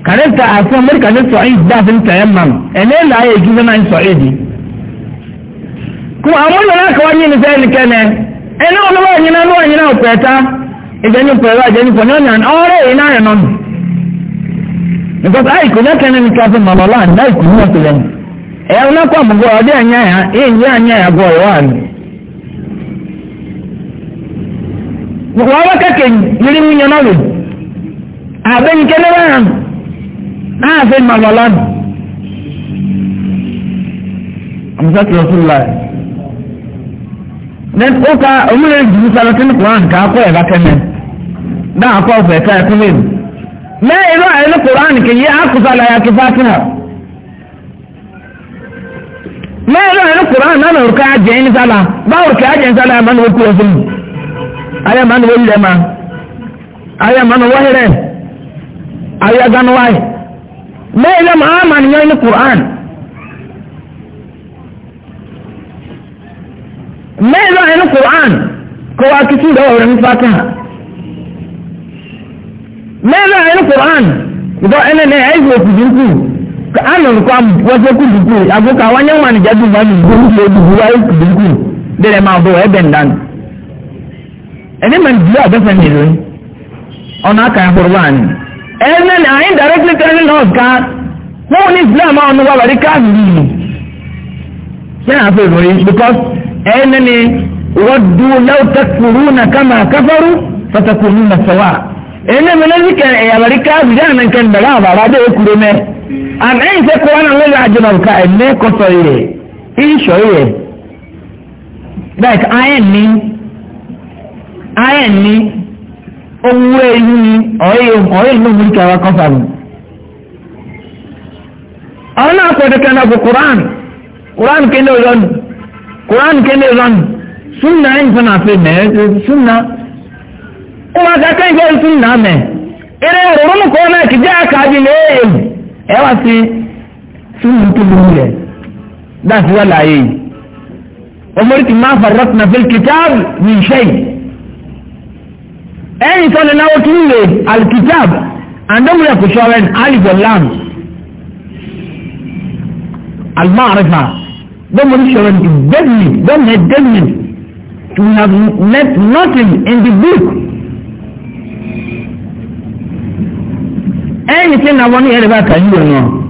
kàrẹ́tà àti amẹ́ríkà ṣe sọ̀ọ́yì dáàfin fàtàyà mbà mọ̀ ẹ̀ kò àwọn yòó láti wá yín nìfẹ́ nìkẹ́nẹ́ ẹni wọn bá yín náà wọn yín náà pẹ̀ ta ìjẹni pẹ̀lú àjẹni pọ̀ náà ní ọ̀rẹ́ yìí náà yẹn nọ́nù. because àìkú náà kẹ́ni ní káfí màmá wà ní àìkú ní wọ́n ti lẹ́nu. ẹ̀yà wọn kọ́ àmúgbọ́ ọdẹ ẹ̀yà yà èyí àyà yà bọ̀ ọ̀rọ̀ wà ní. wọ́n wá kẹ́kẹ́ then ụka oh, omere jiri salatin quran ka akwa ya kene da akwa ofe ta ya kumin me a ya ki a ilo quran na na urka ba urka aje ni sala man woku ozun aya man wolle ma aya man wahere aya ganwai me ilo ma man mẹ́lọ ẹnu quran kọ́ wa kí sí ìdọ́wọ̀ rẹ̀ ní fata mẹ́lọ ẹnu quran ìdọ́ ẹnẹ ní ẹ̀yìn òkú dínkù ánà nǹkan àmúwọ́sẹ́ kú dínkù àgùkà wọn yẹn wọn ànìjẹ́ dùn báyìí gbóhùn tó dùn wáyé kú dínkù dẹ́rẹ́ máa bọ̀ ẹ̀bẹ̀ ndánù ẹni mọ̀ ní ìdílé àbẹ́fẹ́ ní ìlú ọ̀nà àkàrà kúrò wà ní ẹ̀ẹ́nẹ́ ní àyín directly tẹ́lẹ̀ náà ká wọ́n ní ìdílé àmọ́ ọ̀nà wà wà ní káàdì yìí ẹni ni wọ́dù lọ́tà kúrúnà kama káfọ́rú fọ́tàkùnú na sọ́wà ẹni mi lọ́sí kẹ ẹ̀yàbàrí káàbì dáhà náà kẹ́ ndàrà àbàrà dé ekuro mẹ́ àmì ẹ̀yìn sẹ́ kọ́ ọ́nà lọ́yà àjọmọ̀ ká ẹ̀mí kọ́tọ̀ yẹ ìṣọ̀ yẹ like iron ni iron ni owó ẹ̀yìn ni ọ̀yẹ̀ ọ̀yẹ̀ ló mú kí a wá mi. ọ̀nà àpẹẹrẹ náà bu quran quran kí ni ó yọ nù. Quran kende zan sunna in sana fe me sunna uma ka kan ke sunna me ere rorun ko na ki ja ka bi le e wa si sunna to bi le da fi wala yi umar ti ma farratna fil kitab min shay en ko na wotu le al kitab andamu ya kushawen alif al ma'rifa Then what is showing is deadly, then a deadly to have left nothing in the book. Anything I want to hear about can you know?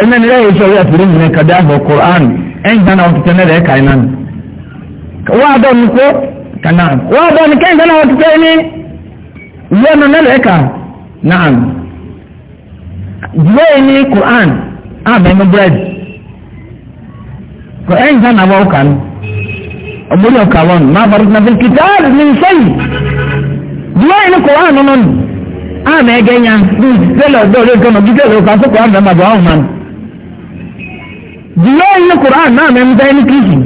Ẹ̀mẹ́ ni lẹ́yìn ìṣòro ẹ̀fìrí ìrìn kàdé àgbọ̀ Kùránì ẹ̀yìn tán náà wọ́n ti tẹ́lẹ̀ rẹ̀ kàì náà. Wọ́n adọ́ ni kó kànáà. Wọ́n adọ́ ni kẹ́yìn tán náà wọ́n ti tẹ́lẹ̀ ní ìwé ọ̀nà náà rẹ̀ kà náà. Ìwé ni Kùránì àmì ẹ̀mú búrẹ́dì ko en san abaw kan omuri o kawon ma faratna fil kitab min shay duwa ina qur'an non a me genya du selo do le kono gite lo kan so ko anda ma ba o man duwa ina qur'an na me mta ni kisi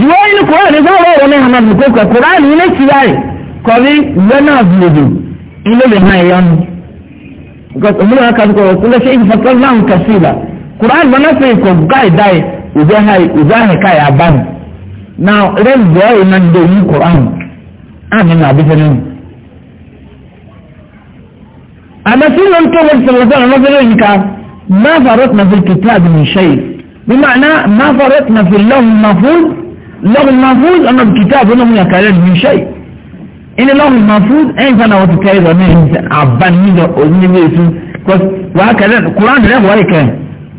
duwa ina qur'an za ro ro ne hanan ko qur'an ina siyai ko ni yana zudu ina le na yon ko omuri o ko kula shay fakalna kasila qur'an mana fe ko gai dai ìzáhìn káyà abánu náà rẹ́ǹdì ọ̀yìn náà ń dé yín kọ́ àmì àmì náà àbí fẹ́lẹ́ nù. àdàsí ló ń tó wọ́n sọ̀rọ̀ sọ̀rọ̀ lọ́sọ̀rọ̀ yìí ká má farot na fi kìtàbí ní ṣẹ́yì bí màánà má farot na fi lọ́hùn mafúz lọ́hùn mafúz ọ̀nà kìtàbí ọ̀nà múyà kàrẹ́ ní ṣẹ́yì ilé lọ́hùn mafúz ẹ̀yìn fún àwọn ti kẹ́rẹ́ lọ́nà àbáníyàn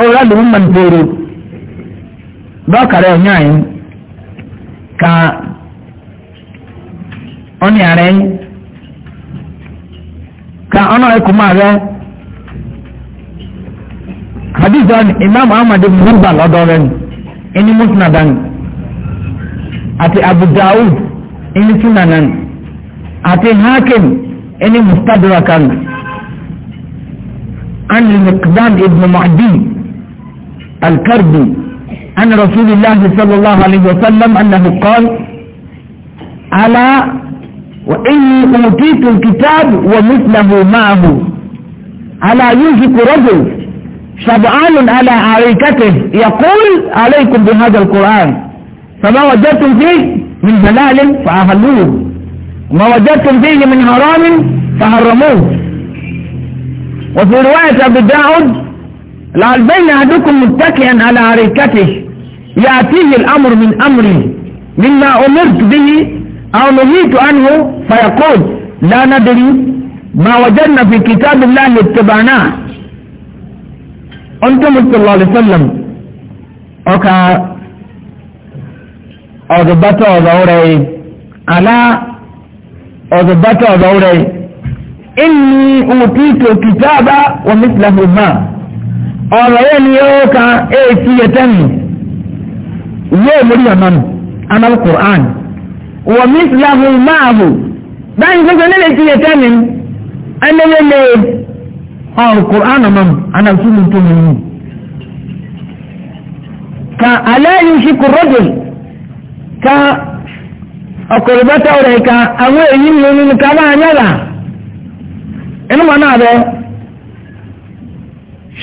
ọ̀rọ̀ àdùnmọ́ mọ̀ nìfòrò dọ́kàrẹ́ ọ̀nyá yìí ka ọ̀nì àrẹ yìí ka ọ̀nà ẹ̀kọ́ máa rẹ hadith ọ̀nì imam ahmad muhimba lọ́dọ̀ rẹ ni ẹni musnada ni àti abu daud ẹni sunana ni àti hakim ẹni mustadraka عن المقدام ابن معدي الكربي عن رسول الله صلى الله عليه وسلم أنه قال ألا وإني أوتيت الكتاب ومثله معه ألا يوشك رجل شبعان على عريكته يقول عليكم بهذا القرآن فما وجدتم فيه من جلال فأهلوه وما وجدتم فيه من حرام فحرموه وفي رواية أبي داود لعلبين أحدكم متكئا على عريكته يأتيه الأمر من أمري مما أمرت به أو نهيت عنه فيقول لا ندري ما وجدنا في كتاب الله اتبعناه أنتم صلى الله عليه وسلم أوكا أضبطة أضوري على أضبطة أضوري inni utitu kitaba wa mislahu ma ọ̀rọ̀ yẹn ni yóò ka èsì yẹtẹ́nu yóò múlí ọ̀nà nù anal qur'an wa mislahu ma'ahu báyìí gbogbo nílẹ̀ èsì yẹtẹ́nu ẹnẹ́lẹ́lẹ́ ọ̀rọ̀ qur'an ọ̀nà nù anal sunu tó mu nù. ka aláyùn sí kúrọ́dù ka ọ̀kọ̀rọ̀bátà rẹ̀ ka àwọn èyí nínú ká nyàlá. inu ma naa bɛ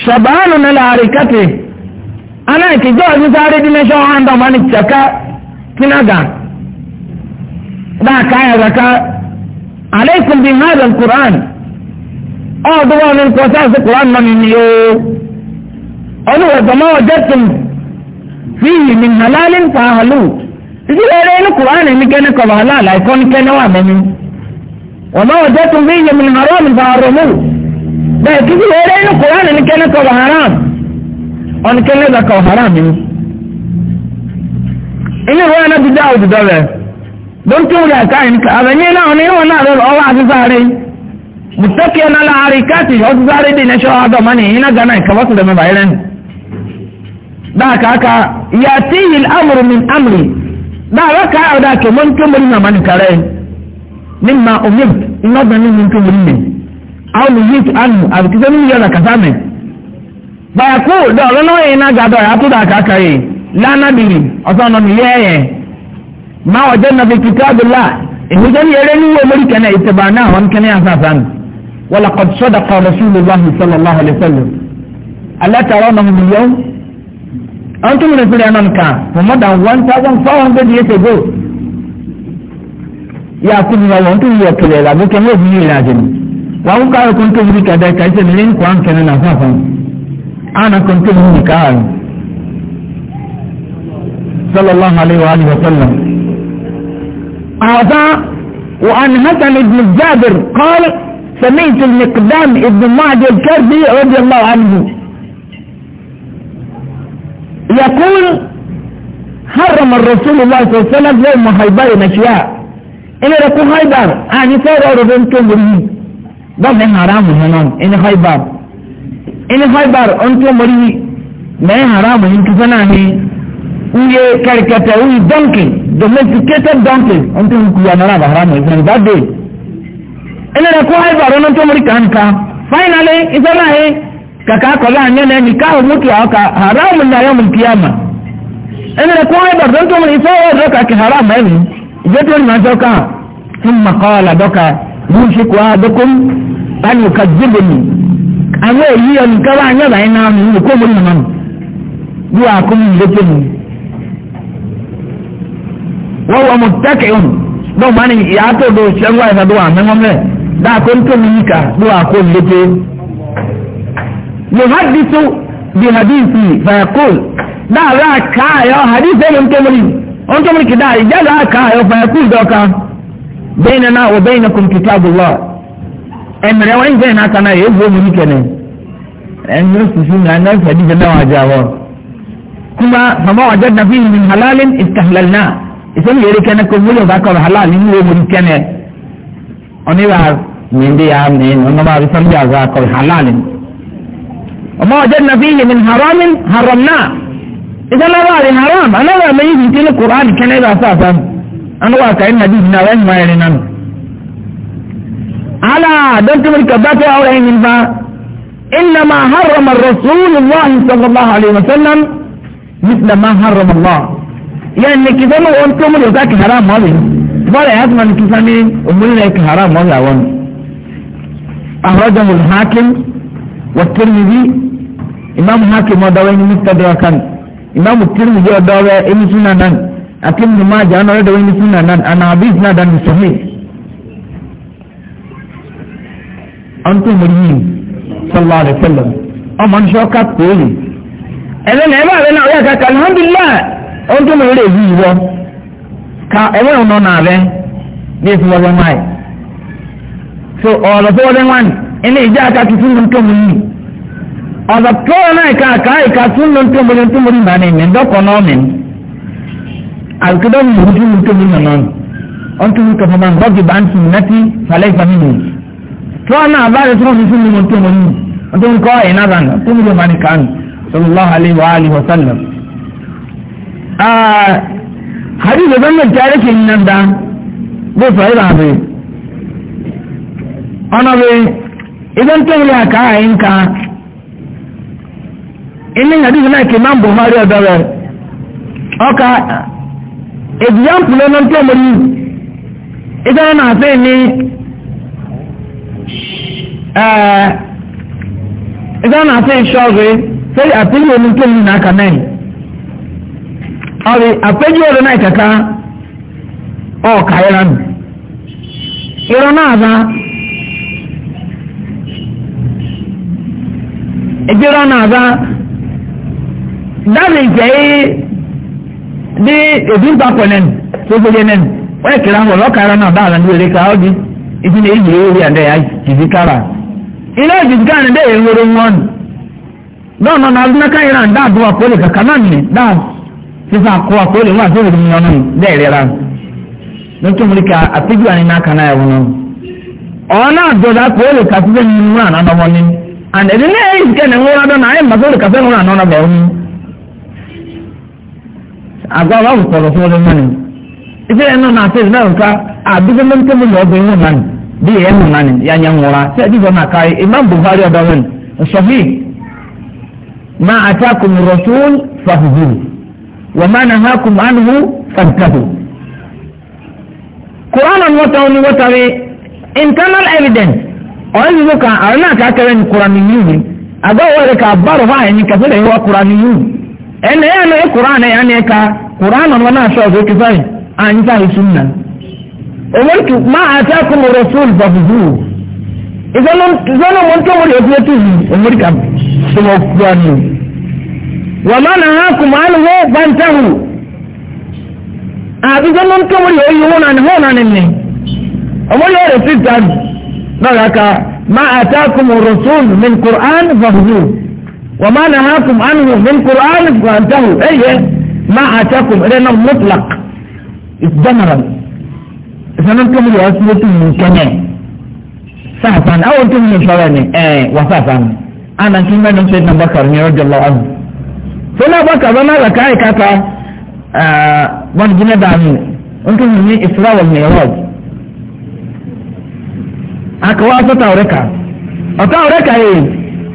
shabaanu na laari kati ana ki jɔɔ bi saari di na shɔɔ an dɔ ma ni cɛka tina gan daa kaaya zaka aleikum bi hada alquran ɔ duba ni ko saa si quran ma ni yoo ɔnu wa dama wa jatum fihi min halalin fa halu isi lɛ ni quran ni kɛnɛ kɔba halal وما وجدتم فيه من حرام فحرموه bẹ́ẹ̀ kíkí lè rẹ́ inú koran ní kẹ́lẹ́ kọ́ wà haram ọ̀n kẹ́lẹ́ bá kọ́ haram ni. inú ìwé ẹ̀rọ ti dá òdùdọ̀ rẹ̀ lóun tí ó rí àká yìí àbẹ̀yìn náà ní ìwọ̀n náà lọ́rọ̀ ọwọ́ àti sáré mùtọ́kì ẹ̀ náà láàárín káàtì ọtí sáré dì ní mímà omi ńlọ́gbọ̀n ní mi nkéwòn mi àwọn olùyíìtì ànú àbùkíṣẹ́ nínú yọ̀dà kàtà mi. bàyàkú dọ̀rọ̀ náà yẹn náà gàdọ̀ àtúndà kàkàrè lánàbìrì ọ̀sán ọ̀nà mi yẹ́ ẹ̀ má ọ̀jẹ́ nàbẹ̀ kìtàbílà ìhùjẹ́ ní eré ní wọ́n mórí kẹ́nẹ́ ìtẹ̀bà náà wọn kẹ́nẹ́ àfàfàn wọ́n lakọ̀ sọ́dà kọ́ rasulillah sallallahu alayhi wa sallam alátàrọ̀ ọ̀nà mi yẹ́wò. àwọn tó ń rìn fúnra náà nìkan for more than one thousand four hundred years ago ya kuni ya wantu ya kelela buke ne ni lajin wa un ka kun to bi ka da ka ce ne ko an kana na fafa ana kun to ni ka sallallahu alaihi wa alihi wa sallam ata wa an hasan ibn jabir qala سمعت المقدام ابن معدي الكردي رضي الله عنه يقول حرم الرسول الله صلى الله عليه وسلم يوم هيبر مشياء ina da ku haibar ah, a ni fara rubin to muri ba mai haramun nan ina haibar ina haibar on to muri mai haramun in tufa na ne uye karkata uye donkey domesticated donkey on um to ku ya nara ba haramun ina ba dai ina da ku haibar on to muri kan ka finally isa na he kaka ko la ne ne ni ka mutu aka haramun na yawmul qiyamah ina da ku haibar don to muri sai ya zaka ki haram mai jẹ́tọ́rì máa sọ́kà fún makọ́ọ̀lá dọ́kà bùn ṣe kọ́ àdókòm báyìí ká jẹ́bẹ̀ mi àwọn èyí ọ̀nì káwá anyọ́bà yín náà mi kó mo nìyàn mi bí wàá kó mi létí mi. wọ́n wọ́n mo tẹ́kẹ̀ ọ̀hún dọ́wọ́n bá ní ìyá tó do ṣẹ́wọ́ ìfọdúwà mẹ́wọ́n mẹ́ dáa kó ń tó mi níkà bí wàá kó mi létí. yóò hàdí tó bí hadithi fàyàkóòl dáa rà káà yọ hadithi ẹ̀ أنت من كده رجال أكا فيقول دوكا بيننا وبينكم كتاب الله أمر وين زين أكنا يبغوا مني كنا أن يرسلون الناس حديث الله عجاوه كما فما وجدنا فيه من حلال استحللناه إذن يريك أنكم ولو ذاك الحلال يبغوا مني كنا أني بعد من دي عاملين أنا بعد سمجا ذاك الحلال وما وجدنا فيه من حرام حرمناه إذا لا بعد حرام أنا لا ما يجي في القرآن كان إذا أساسا أنا واقع إن حديث ناوين ما يرنان يعني نعم. على دمت من كبات أو رهين إنما حرم الرسول الله صلى الله عليه وسلم مثل ما حرم الله يعني كذا لو أنتم من يزاك حرام هذا فلا يزمن كذا من أمرنا حرام هذا وان أخرجه الحاكم والترمذي إمام حاكم ودوين مستدركا imamu tirmidhi ọdọọrẹ ẹni súnà náà àti ẹni májà ọ̀nà ọ̀rẹ́dọ̀wọ̀ ẹni súnà náà àná abis náà dànù sọ̀mí. ọ̀ntún mo yìí sọlá rẹ̀ sẹlẹ̀ ọmọ ní sọ́ka pèlè. ẹ̀rọ náà ẹ̀rọ àbẹ̀ náà ọ̀yà kàkà alhamdulilayi mo rẹ̀ yìí wọ. ka ẹ̀rọ ọ̀nà náà rẹ̀ ní èsì wọ́n lọ́wọ́ so ọ̀rọ̀ tó wọ́n lẹ́wọ̀n ẹni ìjà àkàtúntún mi tó mi ọ̀dọ̀tọ́ náà ìka àká ìka tún ló ń tó mọ́lé tó mọ́lé nà ní ìmẹ̀ ńdọ́kọ̀ náà mẹ́ ní. àlùkìdọ́ mi ò tún tó mọ́lé nà ní. ọ̀n tó mọ́lé kọ̀ọ̀kan máa ń gbọ́dọ̀ bá ń sùn náti falẹ̀ ìfami nù. tọ́ náà abáyé tó mọ́lé tó mọ́lé tó mọ́lé nù. ọ̀n tó ń kọ́ ẹ̀ náà bàná tó mọ́lé mọ́lé kánú sallallahu alayhi wa alihi wa sallam. hari da zan manta yake nan da bai faru da abai. ọ̀nà bai idan tó ilé ìyàdìsí náà kì máa ń buhari ọ̀dọ́ rẹ̀ ọkà example lọ́nà tí ọmọ yìí ìjọba náà fẹ́ ní ìjọba náà fẹ́ ṣọ́ọ̀rẹ́ fẹ́ àpéjì omi tó ní nàkà náà ọ̀rẹ́ àpéjì ọ̀rẹ́ náà kàkà ọ̀ọ̀kà ìran ìran náà bá ìjọba na bá. dábì ìjẹ́ bí èdúgbà pẹ̀lẹ́n tó gbélé nẹ́nu wọ́n èkìlá ń wọ̀ lọ́kàrá náà dáhà ní eré káà ọ́dí ìdílé ìyè orí àdé ya jìdí ilé ìjìdí kára dé èrò wọn dọ́ọ̀nà náà ọdún yìí kàkà náà fífa àpólì wọn ká àpéjú àní náà wọn. àgọ́ àwọn àwòsọ̀rọ̀ fún ọdún mọ́ni ife ẹnu náà ṣe ìdílé nǹka àdúgbò mẹ́tẹ́ mi lọ́ọ́ bẹ̀rẹ̀ bí ẹ̀ mọ̀ yà nyẹ́ ńwọ́ra náà buhari ọ̀dọ́ ma àtàkùn rọ̀ṣúl fàfùhù wà má nà hákùn ánùhù fàǹkàhù. kùránà wọ́tà ó wọ́tà rí internal evidence ọ̀rẹ́ mi ló náà ene ya na qur'ana ya ne ka kurana ma na sha zo ki sai an ta sunna umar ki ma atakum rasul fafuzu idan zan mun to mu yafi to umar ka kuma qur'ani wa man hakum anhu fantahu abi zan mun to mu yayi wona ne wona ne ne umar ya rasul ta daga ka ma atakum rasul min qur'an fafuzu وما نهاكم عنه من قرآن فانتهوا أي ما آتاكم إلينا مطلق general sanamtum ya asibitu mkene sasa au tum ni shawani eh wa sasa ana kimba na sayyid Abubakar ni radiyallahu anhu sana Abubakar bana la kai kaka ah bon jina da ni untum ni Isra wal Mi'raj akawa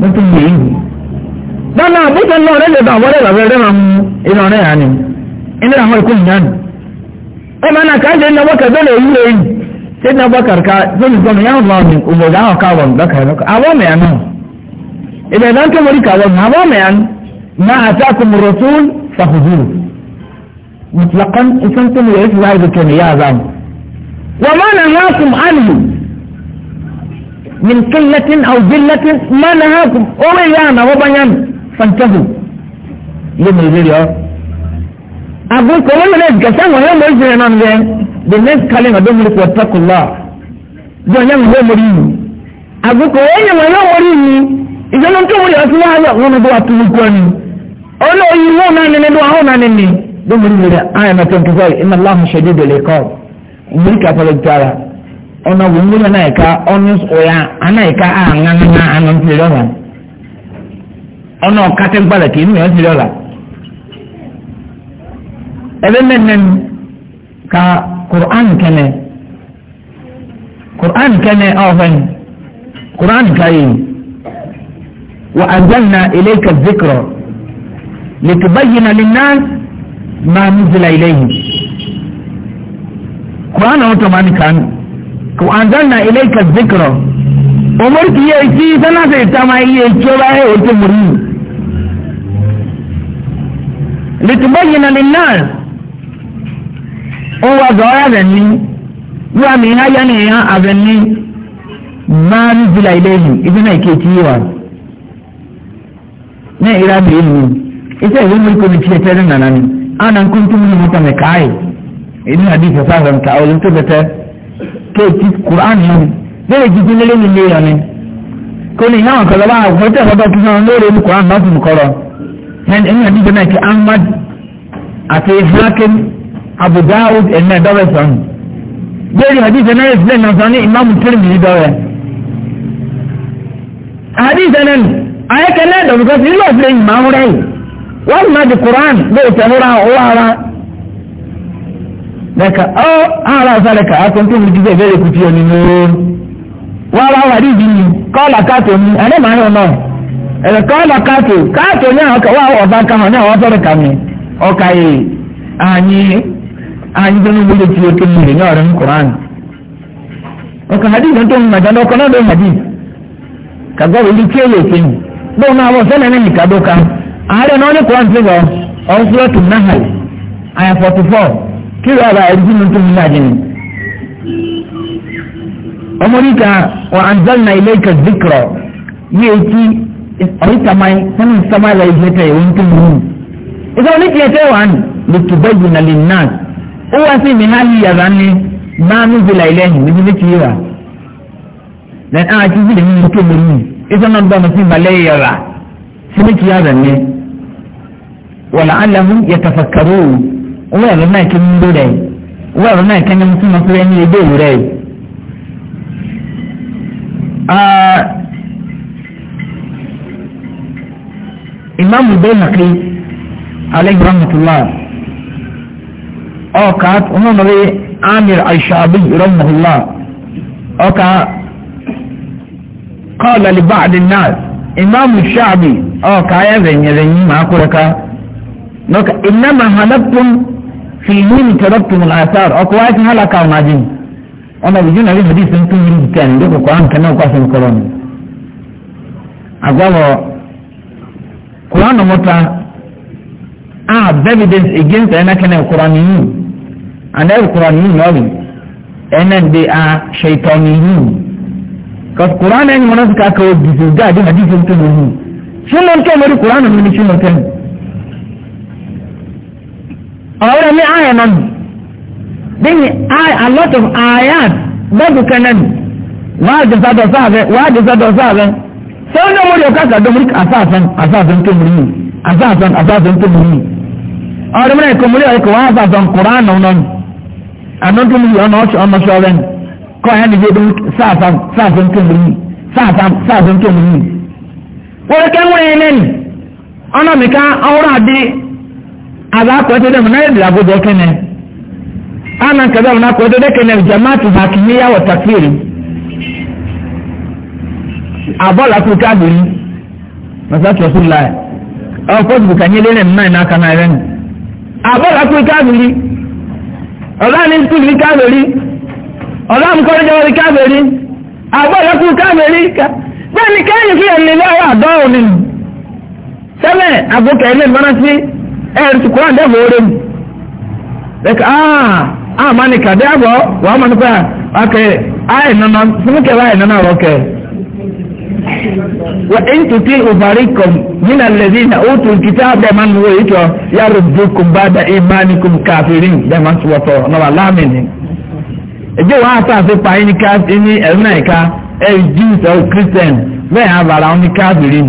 mọ́tò yìí dáná àbúkọ náà rẹ̀ lọ́dọ̀ àwọn ọ̀rẹ́ rẹ̀ rẹ̀ máa mú inú ọ̀rẹ́ yà ni inú àwọn ikú ìyá ni. ẹ máa na káyọ̀ ní ọwọ́ kẹgbẹ́ lè yí èyí ṣé ní ọwọ́ kàrkà lónìí sọ̀rọ̀ yà wọ́n ní òbòdà àwọn káwọ̀ lọ́kàrẹ́ lọ́kà àwọn mẹ́yà náà ìbẹ̀ náà tó mọ̀rí kàwọ̀ ní àwọn mẹ́yà náà àti àkùnmọ̀rọ̀ tó fàkùzùrù mùtìlákan من قلة أو جلة ما نهاكم أويانا وبيان فانتهوا يوم الفيديو أقول كمان من الجسام وهي مرسل نعم زين بالناس كلمة دملك واتقوا الله دون يوم هو مريني أقول كمان من يوم مريني إذا لم تقول يا أسماء الله وانا دوا تلقوني أولا يمونا نني دوا هونا نني دمري لدى آية ما تنتظر إن الله شديد العقاب أمريكا فلتارا ọ̀nà wòmúlò náà ẹ̀ka ọ̀nà ọ̀yà àná ẹ̀ka àǹgáńgá àná ń tilẹ̀ ọ̀la ọ̀nà ọ̀kátẹ́ gbàdà kì í nìyẹn ń tilẹ̀ ọ̀la ẹ̀bẹ̀ mẹ́rin ka kur'an kẹ́nẹ̀ kur'an kẹ́nẹ̀ ọ̀fẹ́ni kur'an káyé wa àjẹ́nà iléka zikro lìtìbáyìnà lìnàn máa nùzìlà iléyìn kur'an ọ̀tọ̀ máa nìkan. وأنزلنا إليك الذكرى أمرك هي إيتي سنة سيتما هي إيتشوبا هي إيتمري لتبين للناس هو زويا ذني وأمينا ينيا أذني ما نزل إليه إذن إيكيتيوا ne ira bi ilmi ita yi mulku ne ce tare nan anan kuntum mutamaka ai idan hadisi sa ran ka aulun to da kéètì quran yẹn lórí jíjí lélẹ́ nílé yẹn ni kò ní yàwọn kọlọ bá àwọn tẹ̀ fọ́tọ̀ tó sọ̀rọ̀ lórí ní quran náà fún kọlọ ẹni ẹni àdìjọ náà ti ahmad àti hakim abu dawud ẹni náà dọ́wẹ́ sọ̀rọ̀ lórí àdìjọ náà yẹ sílẹ̀ náà sọ̀rọ̀ ní imam tirmidhi dọ́wẹ́ àdìjọ náà ayẹkẹ náà dọ̀bùkọ́ sí ilé ọ̀sẹ̀ ìmọ̀ àwòrán wọ́n mú lẹ́ka ọ́ ara na lẹ́ka akọ́ntó mi jíjẹ́ ìbéèrè kùtì òní lóòrò wọ́n wá wà níbi yìí kọ́ọ̀lá káàtó ni ẹ̀rẹ́ màá yọ̀ náà ẹ̀rẹ́ kọ́ọ̀lá káàtó káàtó ní àwọn wà ọ̀bá káwọn ní àwọn sọ̀rọ̀ kàmí ọ̀ka yìí ànyí ànyí tó ní wọlé tí o tó ní ìrìn ọ̀rẹ́ nkùrán ọ̀ka hadith tó ń màjá ọkọ̀ náà ló ń hadith kàgbọ́ wọlé tí o yẹ kéwì lóun náà kí ló bá ẹ̀rí sínú tó ń náà jẹ́ ni. ọmọdéka wà anzalna ilayka zikra ní etí ọ̀rí samai sani samai la ìṣe tẹ̀ ìwọ́n tó ń mú. ìgbà wọn ní tiẹ̀ tẹ́ wà ní lùtùbẹ́jù nà lè nà ó wá sí mi hali yàrá ni máa ní ìbílẹ̀ ilẹ̀ yìí níbi tí yìí wà. lẹ́nu àwọn àti ìbílẹ̀ yìí tó lè mú ìsọ̀nà dọ̀mù sí ìbàlẹ̀ yàrá sí mi kì yàrá ni. wàlá àlàmú wẹ́ẹ̀rọ náà kí ń dúró rẹ̀ wẹ́ẹ̀rọ náà kí ń tún mọ́ fúrẹ́ ní ebéèrè rẹ̀. imam bẹ́ẹ̀nàkì alẹ́gbẹ̀rẹ́ rahmatullah ọkà ọmọdé amir aishabi rahmatullah ọkà kọ́ọ̀lá lè bá àdínà imam shabi ọkà nyẹ̀rẹ̀ yìí máa kúrẹ́ká. Nọ́ka ìnáma halakun fìhìn tẹ̀rọ̀tù mùláṣàr ọkọ̀ wáyé tún hálà káwọn ajé ọmọ ìjọ náà rí hadith ń tún yìí kẹ́ ní dókòkò àwọn kan náà kwásìn kọ́rọ̀ ni. àgbàwọ̀ kùránù mọ́ta a have evidence against ẹ̀ná kẹ́nẹ̀ kùránù yìí and ẹ̀rù kùránù yìí lọ́rì ẹ̀ná ń de a ṣètọ́nù yìí. kọ́ kùránù ẹni mọ́nà sí káàkiri òbí sí gáàdì hadith ń tún yìí. ṣé lọ́nkẹ́ lórí kùránù mi ni ṣé lọ́nkẹ́ ọ̀rọ̀ ní àyà náà nù bíi a lot of ayat bẹ́ẹ̀ kan náà nù wàá di sọ́dọ̀ sáfẹ́ wàá di sọ́dọ̀ sáfẹ́ sọ́dọ̀ mo lè kọ́kà dominic asáfẹ́ asáfẹ́ tó mú yìí asáfẹ́ asáfẹ́ tó mú yìí ọ̀rọ̀ mìíràn kò mú yìí kò wàá asáfẹ́ nkùrán nù nù àná tó mú yìí ọ̀nà ọ̀ṣọ́ ọ̀nà ṣọ́ọ́rẹ́ nù kọ́ ẹ̀ ní bíi sáfẹ́ sáfẹ́ tó mú yìí sáfẹ́ sáfẹ́ tó mú yìí wọ́n kẹ́ ń wọ́n yẹn náà nì ọ̀nà mìíràn ọ̀rọ̀ adé aba akɔtɔ dɛm na yɛde agodɔ kɛnɛ ana nkɛdɛ ɔna akɔtɔ dɛ kɛnɛ jamaatu hakimi ya wɔ takfiri abɔla kuru kabiri masa tɔso lai ɔwɔ kɔtubu ka nyele nɛm nan n'aka na yɛrɛ no abɔla kuru kabiri ɔlɔni sukuli kabiri ɔlɔni kɔrɔdɛwɔri kabiri abɔla kuru kabiri ka bɛni kɛyìn fi yɛn nílẹ̀ wà dɔwɔ nínú sɛbɛ abokɛ ilé mɔnasi ẹ̀rù tí kúrò àdẹ́bọ̀ ó rẹ̀mù lẹ́kà áà àmànìkà dẹ́bọ̀ wà á mọ̀nìkà ọkẹ́ àìnànà fúnkẹ́ àìnànà ọkẹ́ wà ẹ̀ǹtùtì òbáríkọ̀m nínà lẹ́dí na ó tún kìtà bẹ́ẹ̀ máa ń wọ ìtọ́ yàrá òbúkùn bá dà ìmánikùn káfírin bẹ́ẹ̀ máa ń sọ̀tọ̀ ọ̀nàwà láàmìnì ẹjẹ́ wàá sàfẹ́ pa ẹni ẹ̀rọ náà ẹ̀ka ẹ̀ jíìsì ọ̀ kírísítẹ̀n bẹ́ẹ̀ á bàrà ọ́ ní káfírin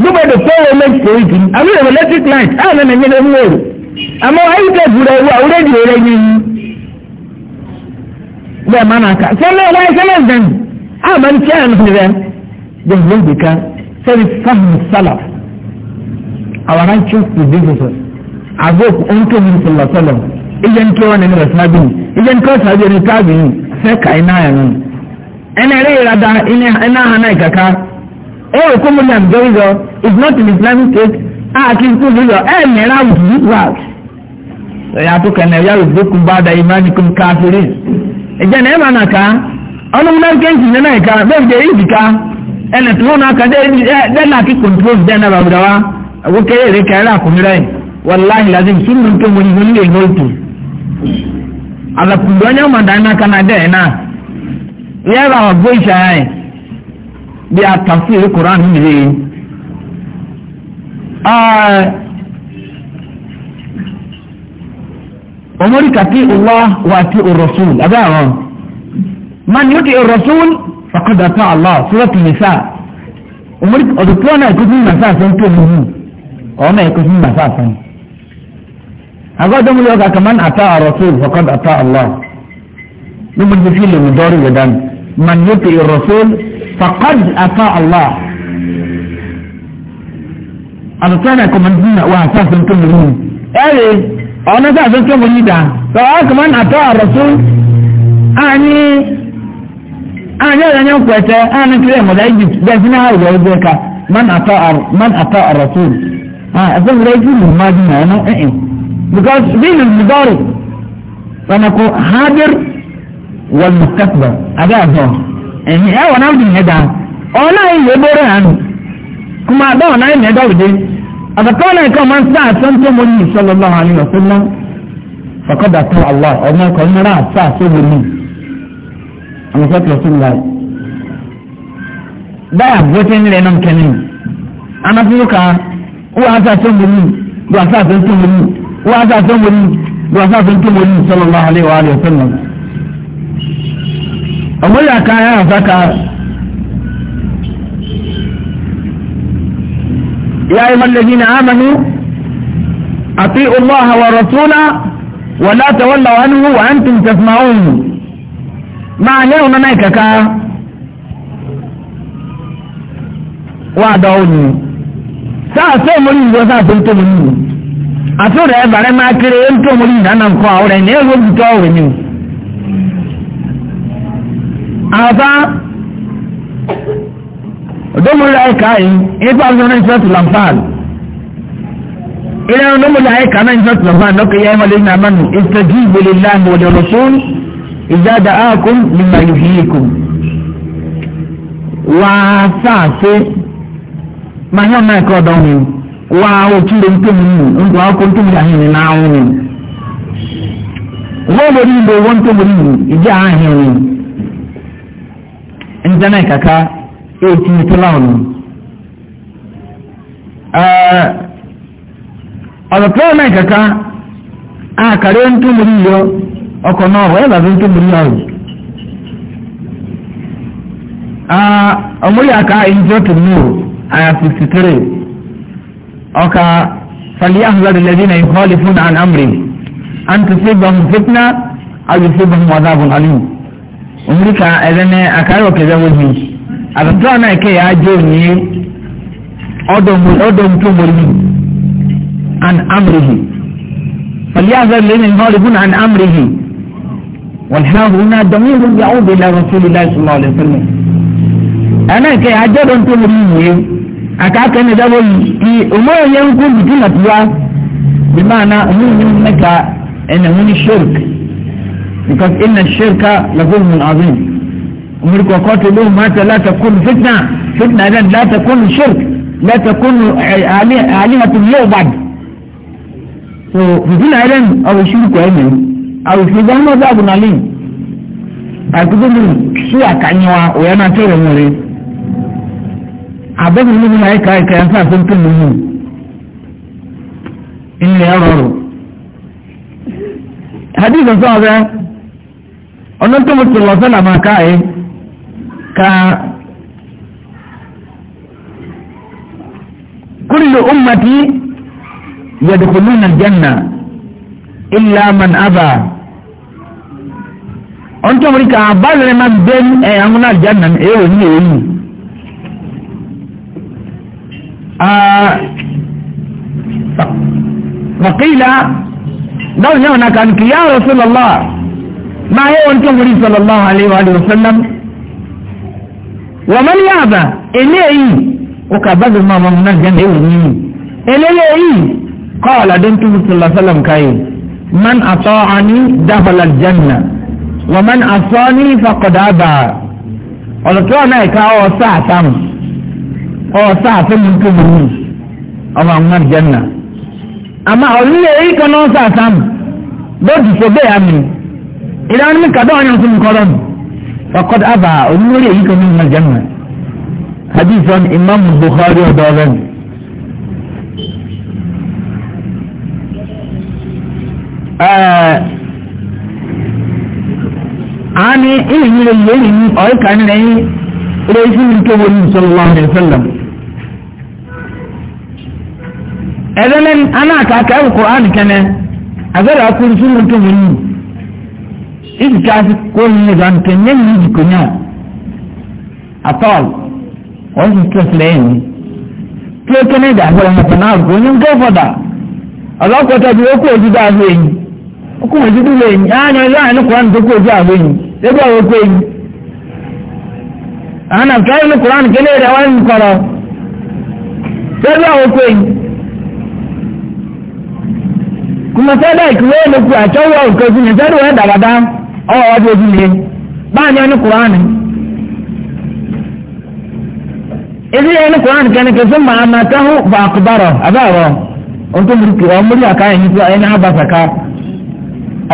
look at the four elements for it àbí the electric light á nà nà nyẹ́nà mú òrò àmọ́ ayíkẹ́bù rẹ̀ wà ó rédíò rẹ̀ yẹn yìí bẹ́ẹ̀ má nà ká sẹ́lẹ̀ wáyé sẹ́lẹ̀ zẹ́nu á má ní kíá nù rẹ̀ bẹ́ẹ̀ ló dé ká sẹ́ni fáhùn sálà our righteous predecessors àgọ́kù ọ̀ntọ́ mi sọ̀lọ̀ sọ̀lọ̀ ìyẹ ntọ́wọ́ nínú rẹ̀ sábì ní ìyẹ ntọ́wọ́ sábì ní táàbì ní fẹ́ kàí náà yẹn nù ẹnẹ́rẹ́ yẹra da ẹnẹ́ hàn náà kàkà ẹ̀rọ kó mo ní àbújá yíyọ is not in islamic state àti ikú yíyọ ẹ̀ mìíràn àwùjọ wàásù. ẹ̀yà tó kẹ́nà ẹ̀yà òdòdókun bá da ìmánikùn káfírí. ẹ̀jẹ̀ náà ẹ̀ máa nàka ọlọ́mọdé kéńtì nínú ẹ̀ka bẹ́ẹ̀ jẹ́ ìdì ká ẹnì tó wọn aka dẹ́nà àti kòntróòlù dẹ́nà bàbúrà wa àwọn kéré rẹ̀ kẹ́rẹ́ àkùnrin wàláhì lazim súnmù tó mo ní mo nílé ìhóòtù. àlàkùnrin ọ̀nyẹ́ ọmọdé náà kan náà dẹ́ ẹ̀ náà. ìyá ẹ̀ bá wà gbó ìṣàyà yìí bí a tafsir quran nìyí ah, omori kati allah wa ati rasul abawo man yuti rasul faqad ata allah surat nisa omori odutuwa na ikuti nasa san to muhu ona ikuti nasa san agodo mu yoga kaman ata rasul faqad ata allah numun fi lu mudari yadan man yuti rasul فقد أطاع الله أتطانا كمانتنا وأساسا كمانتنا أي أنا أساسا كمانتنا فأنا كمان أطاع الرسول أني أنا لن نعم أن أنا كلام ولا يجب بأسنا هذا وذلك من أطاع من أطاع الرسول ها آه، أساسا لا يجب ما أنا إيه،, إيه because دين حاضر هذا هو ẹ̀hìn ẹ̀wọ̀n náà dì yẹn dà ọ̀nà ìyè bóró hàn kùmà dọ́ọ̀ náà yẹn dọ́ọ̀dé àtàkọ́ náà kọ́ máa ń sá àtúntò mọ́ ní ìṣọ́lọ́lọ́ àwọn àlejò fún náà fọkọ́dà tó àlọ́ ọ̀nà ọkọ̀ nínú àṣà àṣọ́wò ní àwọn sọ́kìlọ̀ sí ìlà báyà bóté ńlẹ̀ náà ọmọ yà ká yà àfàkà yà ayọ̀ lẹ́yìn náà àmàlú àti ọmọ àwọn rọ̀túnà wọ̀lá tẹ̀wọ́lá wà nínú wà ń tún tẹ̀sán òun máa yẹ ọ̀nà náà kàkà wà á dọ̀wọ́ ni sáà sọ ọmọ yìí wọ́n sáà tó ń tó mọ́ yìí àti ọ̀rẹ́ bàrẹ́ máa kéré ń tó mọ́ yìí nánà nǹkan àwọn ọ̀rẹ́ ní ẹ̀rọ ìbùtọ́ ọ̀rẹ́ ni àbá ọdọmọlẹ àyíká yìí nípa ọdún náà ìfẹ́ tùlànfààlì ilé ọdọmọlẹ àyíká náà ìfẹ́ tùlànfààlì lọ́kẹ́ yẹ́ ẹ̀mọ́lẹ́ ní amánu ìfẹ́jú ìgbélé láàmú ọ̀dọ̀ rọ̀sùn ìjáda ààkùn nígbà yòókùn wàá sáàsé máa yọ̀ náà ẹ̀kọ́ ọ̀dọ́ wọn wàá òtún lè ń tó mi mú nǹkan ọkọ̀ tó mi àhìn náà wọn. wọ́n lórí ìbò wọn tó mi mú ìjà àhìn ọ̀dá náà kàkà èyí tó láwọn nù. ọ̀dọ̀ kaka náà kàkà àkàrẹ́ ń tó múrí yọ ọkọ̀ náà wọ́n yàrá ń tó múrí yọ ọ̀rọ̀. 63 oka fàlíyà àhùzàdì lẹ́dí náà ìkọ́lé fún àmì fitna àti yusibahum adhabun gbọmù omurika ɛdɛnɛ akari ɔkɛdɛ wɔbi atatɔ anayi kɛ yagye onye ɔdɔ mutu mɔribi an amrihi فليعذر الذين يخالفون عن امره والحاء هنا ضمير يعود الى رسول الله صلى الله عليه وسلم انا كي اجد انت مريني اكاك ان دابو امو ينكون بتلتوا بمعنى هو من مكة انه من الشرك because inna shirka la zulmun azim أمرك وقاتلوهم متى لا تكون فتنة فتنة إذن لا تكون شرك لا تكون آلهة يعبد ففتنة إذن أو شرك وإذن أو في ذهن عذاب أليم أكذب سوى كعنيوا ويانا تير موري عبد الله بن هيك هيك ينفع سنتم منهم إني أرى حديث صعب ọ̀nà tó mo ti lọ sọ́nà máa ká ẹ ká kúrìlù ummati yadkhuluna aljanna illa man aba ọ̀nà tó mo rí ká abáàlẹ̀ máa bẹ́ ẹ̀ àwọn náà janna ẹ̀ wò ní èyí. فقيل لو يونا كان يا رسول الله báyé wọn tó wọlé sọlọ́láhùn aléwà àdìwọ̀ sọ́lám wọ́n ní àbá eléyìí ó kà bá zùmọ̀ ọmọ náà jẹ́ ẹ̀wù nínú eléyìí kọ́ ọ̀làdún tó sọlọ́ sọlọ́m káyé man àtọ́ àní dáfọlá jẹ́nà wọ́n man àtọ́ ní fakọ̀dá bá ọ̀lọ́tọ́ náà ká ọ̀ sáà sáàmù ọ̀ sáà fẹ́mi tó wọlé ọmọ náà jẹ́nà àmà ọ̀lẹ́yìí kan náà sáà sáàmù bó dùsọ̀ bẹ́ẹ̀ àmì. ìlànà mi kàdọ́ ọ̀yàn fún nkọ́lọ́m ọkọ̀ àbà onímọ̀lẹ́ èyí kan ní ìmọ̀ jẹ́mọ̀ hadith on imam bukhari ọ̀dọ́ ọlọ́m. àní ìyìn rẹ̀ yẹ́nì ní ọ̀ẹ́kà nílẹ̀ yìí rẹ̀ sí ní kébò ní sọlọ́wọ́ rẹ̀ sọlọ́m. ẹ̀rọ lẹ́nu anáàkà kẹ́wù kọ́ ànìkẹ́nẹ́ àgbẹ̀rẹ̀ akúrú sí ní kébò yìí. ìdíkàsí kó yin ìbánu kẹ́ni ẹ̀yìn ìdìkò náà àtọ́l wọ́n sì tún sílẹ̀ yìí ni tí ó kéne ìdá àgbẹ̀rẹ̀ mọ̀tò náà kò ní nǹkan fọ̀dà ọlọ́kọ̀tà bí ó kú ojú bá àwọn èyí ó kú ojú bílẹ̀ èyí ààyè ọjọ́ àìní kùránì tó kú ojú àwọn èyí lébẹ̀ àwọn okú èyí. àwọn àfẹ́rẹ́ ní kùránì kéne ìdá wọn ń kọ̀rọ̀ lébẹ̀ àwọn okú èyí. kùmọ̀tẹ́dà ìkúwé ló kú àtọ́wọ́ òkè ọwọ́ ọdún ojú mi báyìí ẹni kùránì èdè ẹni kùránì kẹ́nìkẹ́ sọ máa ma tẹ́hù fàkùbárọ̀ àbẹ́rọ̀ ohun tó múlùkì ọmọ múlùkì àká ẹni tó ẹni á bá sàká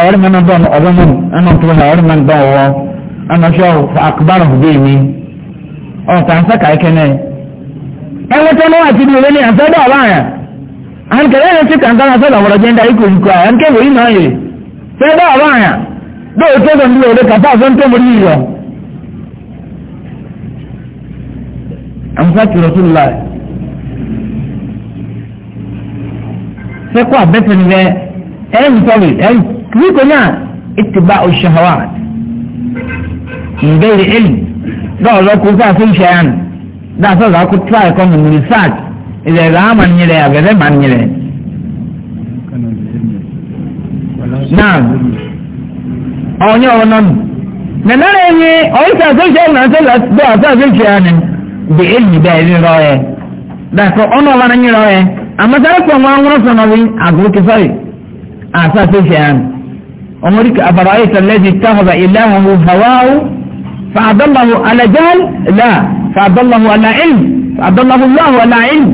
ọ̀rẹ́ mi náà dọ̀nù ọ̀rẹ́ mi ẹnà tó náà ọ̀rẹ́ mi náà dọ̀wọ́ ẹnà sọ fàkùbárọ̀ bẹ́ẹ̀ mi ọ̀tà ń ya ti ebe bẹ́ẹ̀ tó lọ nílò rẹ̀ kàtà àfẹ́ tó mọ̀rí yọ. àmúfà kìlọ̀ tó la sẹ́kọ̀ àbẹ́tẹ̀ ni bẹ́ ẹ̀ ń sọ̀rọ̀ ẹ̀ ń kíkọ́ náà ìtìbá òṣèhàwà ìbéèrè ẹ̀lì dọ́ọ̀ lọ́kùn fún àfihàn ṣẹ́yàn dáa sọ̀rọ̀ àkó tíra ẹ̀kọ́ mi rìsáàt ilẹ̀ rẹ̀ àmà nyẹrẹ àbẹ̀rẹ̀ mà náà onye ọnọdụ na nara enye ọyịsa asọshial na asọla bụ asọ asọshial na dị enyi bụ ezi rọ ya dakọ ọnụ ọbara nye rọ ya amasara kwa nwa nwụrụ sọ na wii agụrụ kesọrị asọ asọshial ọmọdé ka abara ọyịsa lezi tahọba ilahahu hawahu fàdọlọhu alajal la fàdọlọhu ala ilm fàdọlọhu lọhu ala ilm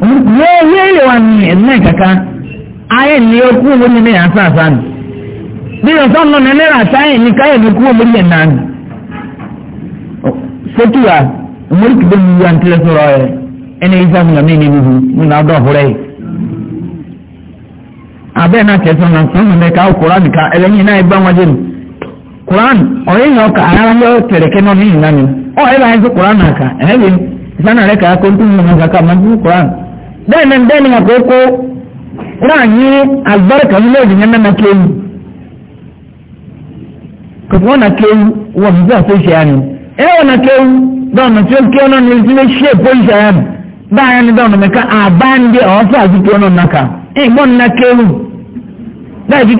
wọ́n wíwẹ̀ wà ní ẹ̀dínlẹ̀ kaka ayé ni ó kú wọ́n ní ní asọ asọ asọ bíyọ̀ sọ́nà nẹ́lẹ́rà táyì ní káyọ̀ ní kú omori yẹn náà sótú wa omori kìí bẹ́ẹ̀ wíwá ntẹ́lẹ̀ sọ̀rọ̀ ẹ̀ ẹni ìfẹ́ fún mi ní ibi mi náà dọ̀ ọ̀húrẹ́ yìí. abẹ́ẹ̀ náà kẹsàn án sọ́nà mẹ́ka ó koran ká ẹlẹ́yìn náà ẹgbẹ́ wọn jẹ́nu koran ọ̀rẹ́ yẹn ọkà ara yọ tẹ̀rẹ̀kẹ́ náà ní ìlànà mi ọ̀ ẹ̀ báyìí fún koran náà ká ẹ̀ bẹ́ẹ̀ ìfẹ́nà rẹ̀ náà kàkà máa ń fún náà kòtò wọn na kéwù wọn bí wọn tó ṣe ẹ wọn na kéwù dọ́ọ̀nà tí ó kéwù náà ní ìdílé ṣe pólíṣà yẹn báyà ni dọ́ọ̀nà mẹ́ka àbáńdé ọ̀ọ́fẹ́ àti kéwù náà nàka ẹ gbọ́n kéwù ti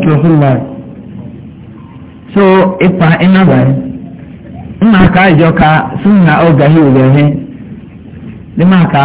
kéwù náà so ipa iná mma aka ìjọ sunna yìí lẹ́hìn ní aka.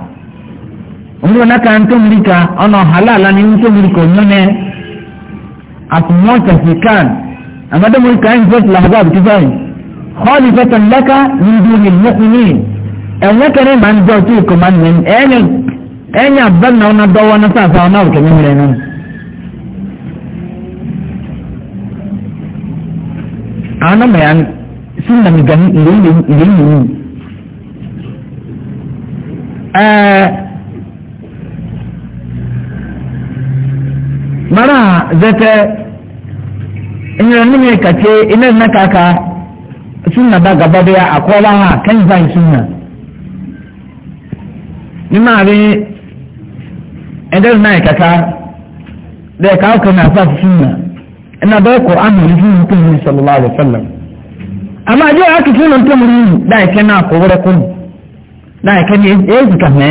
ndio naka ntumlika ono halala ni ntumliko nyone as much as you can amada mulika invest lahaba bitifai khalifatan laka min duni almu'minin enaka ne man do tu ko man men ene enya banna ona do wana sasa ona ko nyimre nan ana mayan sunna mi gani ilimi ilimi eh mara zete inyere nime kace ina na kaka suna ba gaba daya a kowa ha kan zai suna nima abi idan na kaka da ya kawo kana sa su suna ina ba ku an mu yi mutum ne sallallahu alaihi wasallam amma je aka suna mutum ne da yake na ko wurin da yake ne ya yi zuka ne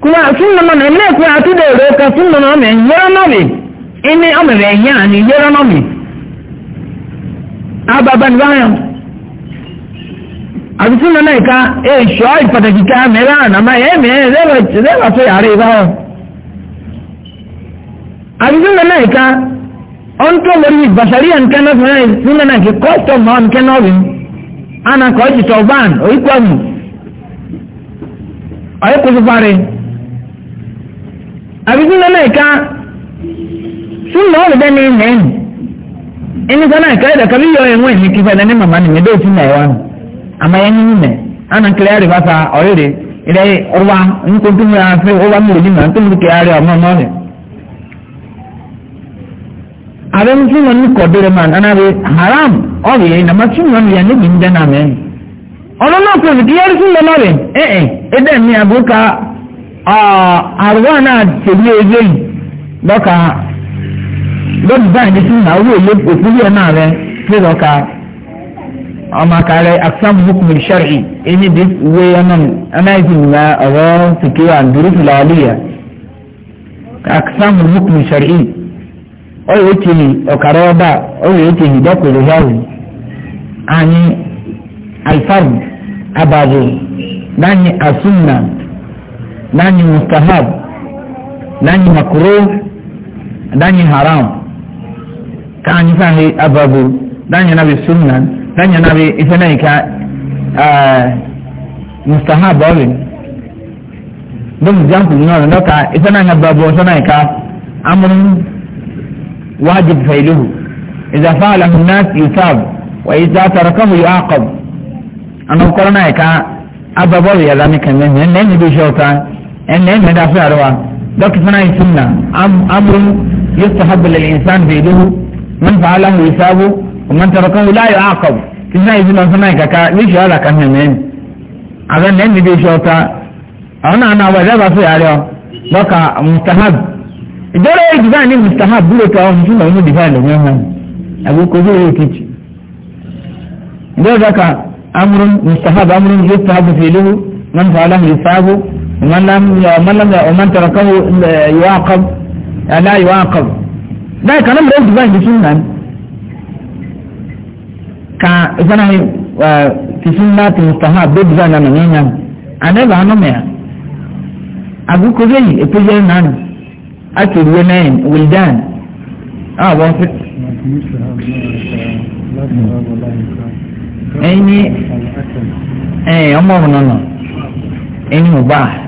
kuma sunna man emme ku atu de ro ka sunna no me yero na me ene o me be ya ni yero no me ababa ni baya abi sunna na ka e shoi pataki ka me ra na ma e me re ba re ba so yare ba abi sunna na ka on to mori basari an kana sunna na ke custom man kana bi ana ko ji to ban o ikwa mi ayi ko bare àbíkú nínú ìka súnmọ́ ọ̀rẹ́dẹ́ ní ilẹ̀ ẹ̀yìn ẹni kan náà kẹ́rẹ́dà kan bí yọ ẹ̀wọ̀n ẹ̀mí kí fẹ́ẹ́ ní màmá nìyẹn dé òfin náà wà nù àmọ́ ẹni ní mẹ́ àná kílẹ̀ ẹ̀rẹ́ bá fa ọ̀rẹ́dẹ́ ilẹ̀ ọ̀wá nǹkan tó múra fẹ́ ọ̀wá mi lòdì màá tó mú kí ààrẹ ọmọ ọmọ rẹ̀. ààrẹ ń tún wọn ní kọ̀dọ̀rẹ̀ man anáre haram ọ̀rẹ́ yẹn nàmá tún wọn yẹn níbi ń dẹ́ mẹ́rin ọ̀rọ̀ náà kò Ah, àrùwá náà tèmi ewé yìí lọ́ka lọ́dún báyìí ní sinimá owó èlé òkúrú ẹ̀ náà rẹ pé lọ́ka ọmọ àkàrẹ aksamu hukumu sharci ẹni bí wé ẹnan ẹnáìsìn ní ọ̀rọ̀ sìkìrì àdúró fìlàlíyà aksamu hukumu sharci ọ̀rọ̀ ètìlì ọ̀kàrọ̀ ọba ọ̀rọ̀ ètìlì dọ́kùnrin yàwó àní alfarm abazo dání asúnà. nani mustahabu nani makruh nani haramu kanyi sahi ababu ndani nabi sunna ndani nabi ifanaika mustahabu awi dum jampu nyono ndoka ifanaika ababu sanaika amrun wajib failuhu idza fa'alahu an-nas yusab wa idza tarakahu yu'aqab anakorana ka ababu ya zamika nene nene bi shota ẹnna ẹnna ẹdá fún àrùwá dókítà náà ìsìn náà amúrú yóò sọ hábìlì ìsán bèèdúhù wọn fà á láhùn ìsáàbù wọn tọrọ kan wùláyọ àkọ tí náà ìsìn náà sọ náà kàkà níṣẹ ọlà kan nà mẹ́rin àbẹ nà ẹnni bí iṣẹ ọta àwọn náà náà wà ẹdá fún àrùwá dọ́kà mustahab ìjọba yìí dìbà ní mustahab búrò tó àwọn fún ọmọ dìbà lọ́wọ́ wọn àbúkọ bí ó kìtì ìjọba dọ́kà amúrú mustahab amúrú yóò sọ hábìlì ìlú wọn fà á láhùn ìsáàbù ومن لم ومن لم ومن تركه يعاقب لا يعاقب ده كلام لو بقى في سنة كا زنا في سنة مستحب بيبقى انا منين انا بقى انا ما ابو كوزي اتجاه نان اكل ونين ولدان اه وافق ايني ايه امه نانا ايني مباح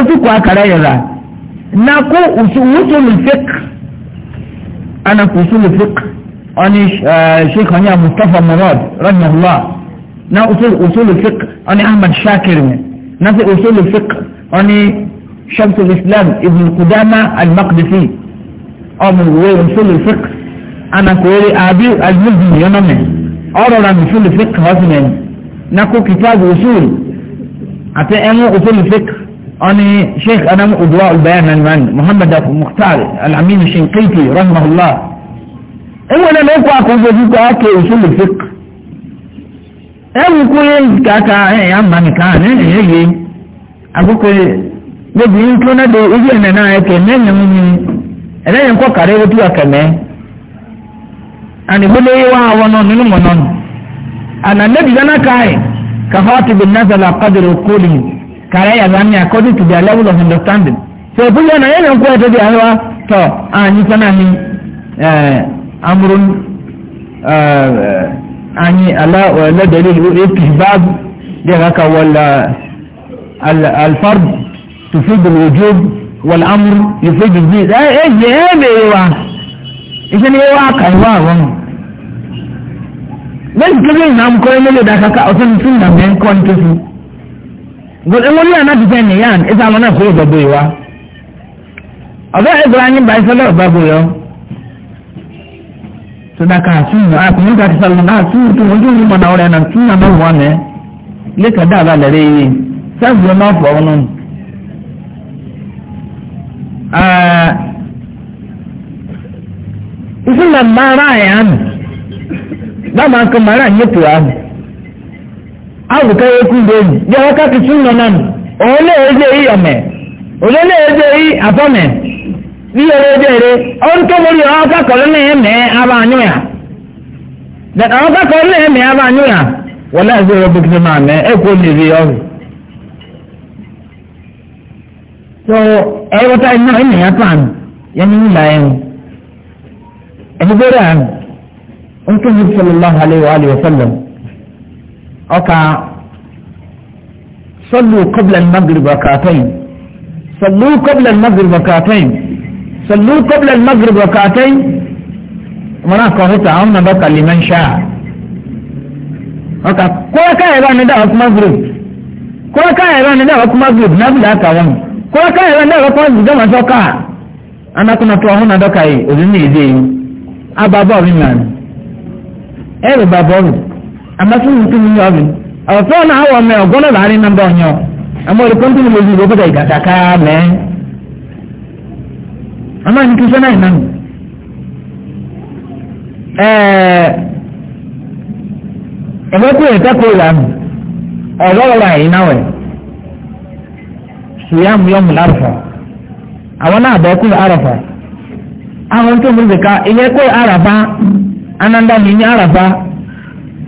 otu kwa akara yara na ko usulul fiqh ana ko usulul fiqh ani eh, sheikh anya mustafa murad rahimahullah na usul usulul fiqh ani ahmad shakir ne na fi usulul fiqh ani شمس الإسلام ابن قدامة المقدسي أو من غير أصول الفقه أنا كوري أبي المزني ينمي أرى عن أصول الفقه هزمين نكو كتاب أصول أتأمو أصول الفقه أنا شيخ أنا أضواء البيان من محمد أبو مختار العميد الشنقيطي رحمه الله أولا لو أقول بذلك أكي أصول الفقه أبو كل كاكا يا من كان يجي أبو كل gbogbo yìí tó náà de ojú ẹ̀nà náà ẹ̀kẹ́ mẹ́rin mú mi ẹlẹ́yìn kọ́ kàrẹ́ wọ́n tú àkẹ́mẹ́ ànìgbélé wà wọn náà nínú mọ̀ náà ànàlẹ́bí dáná káyì kàfáàtì bìnnáfẹ́ làkàdúró kólì yìí kàrẹ́ yàrá ni according to their level of understanding so ìpínlẹ̀ náà yẹn lè ń kó ẹ̀tọ́ di àríwá tọ̀ àyìn sọ́nà ni amúrún àyìn aláwọ̀lẹ́dẹ̀ẹ́lẹ́ ìlú apc báàbù dẹ̀ rákà wọlé alfarb tùfíìdì lójúb wọlé amúrún ìfíìdì bíi ẹ̀ ẹ̀ ẹ̀ ẹ̀ bèèrè wa iṣẹ́ ni wọ́n á kà ìwá àwọn lẹ́yìn tó lè nà ń kọ́ ẹ̀ lélẹ̀ dàkàkà ọ̀tún tún nà mẹ́ ń kọ́ ní tó fún un but ewu ní àná dìbẹ́ nìyàn ẹ̀sán àwọn náà kúrò gbogbo ìwà ọ̀gá ìgbà yín bá ìfẹ́ lọ́wọ́ gbogbo yọ. sadaka sunna a kun ka sallan a sunna to wajin mu mana ore nan sunna nan wa ne le ka da ba lare yi sai zo na fo wannan a isin nan ma ra'ayan ba ma kan mara ne to azụta ya ekwu mgbe enyi ya aka kịsị nọ na ole eze eyi ome ole na eze eyi apọme ihe eze ere ọntụmori ọka kọrọ na eme aba anyụ ya data ọka kọrọ na eme aba anyụ ya wọle eze ya bukiri ma mee ekwu n'ihi ya ọrụ ẹwọta e iná ẹnì ya pan ya ni wúlà ẹ ẹni bẹrẹ àná ọtún yìí sọlọ lọhàlẹ wàhálẹ wàsálẹmù. أكا صلوا قبل المغرب ركعتين صلوا قبل المغرب ركعتين صلوا قبل المغرب ركعتين وانا قهوت عمنا بقى لمن شاء أكا كل كاي بقى نداء مغرب كل كاي بقى نداء مغرب نبدا كوان كل كاي بقى نداء مغرب جمع شوكا أنا كنا توهنا دكاي أذني إذي أبا بابي مان أبا بابي amma sun mutum yin yawon ọ̀tọ́ náà wọ̀ mẹ́ ahụ láàrin náà bọ̀ yàn àmọ́ ìlú kọ́ńtínú lójú ìlú kọjá ìgàtà ká mẹ́ àmọ́ ní kí sẹ́nà ìnáwó ẹ̀ẹ́dẹ́ kú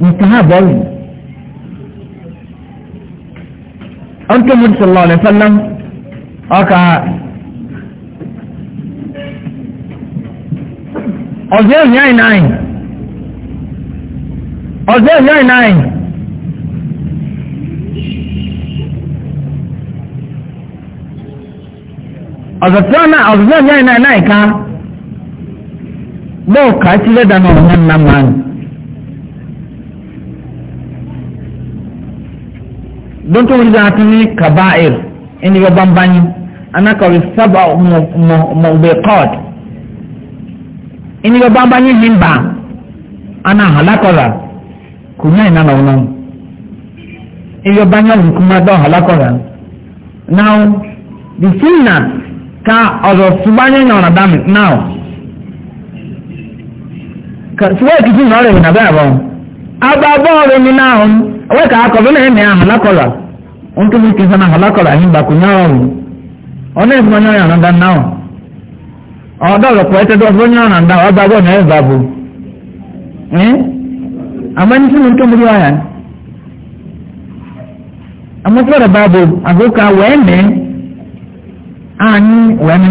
nǹkan á bọ̀ rìn. ọ̀ntún mu sọ̀rọ̀ ọ̀nà fẹ́lẹ́ ọkà ọ̀dẹ́ òní àyìn náà ọ̀dẹ́ òní àyìn náà. ọ̀dọ̀tún ọ̀nà ọ̀dọ̀tún òní àyìn náà náà ká bọ́ọ̀ kà á ti lé dáná ọ̀nà nà máa nù. don to wulida ta ne kaba'ir in ga bambani ana kawai saba mubiqat in ga bambani hin ana halakora kunya ina na wannan in ga bambani kuma don halakora now the sinna ka ozo subanye na ọ̀nà dami now ka suwa ikiti na ọrẹ ìnàbẹ́ àbọ̀ ababọ́ ọrẹ mi náà wọ́n kà á kọ̀ fún ẹ̀mí àhàlákọ̀là wọ́n tún kì í sọ àhàlákọ̀là yín bàkúnyá ọ̀hún ọ̀nà ìfún ọ̀nyá ọ̀nà dá náà ọ̀dọ́ ọ̀lọ́pọ̀ ẹ̀tẹ́ tó fún ọ̀nyá ọ̀nà dá na bọ̀ bò ẹ́ àmọ́ni tó mú wáyà àmọ́sọ̀rọ̀ àgókà àní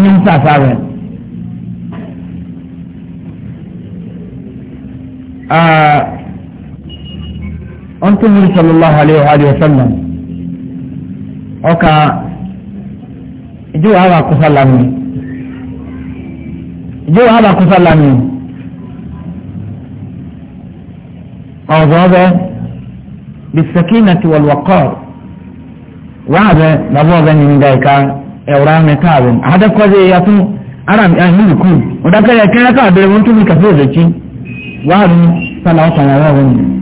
ní rẹ̀ أنتم النبي صلى الله عليه وآله وسلم أوكا جو هذا كسلامي جو هذا كسلامي أوضاده بالسكينة والوقار وعد نبوغا من ذلك أورام تابن هذا كوزي يطو أرام أهل كل وذلك يكون كابر وانتم الكفوزة وعد صلى الله عليه وسلم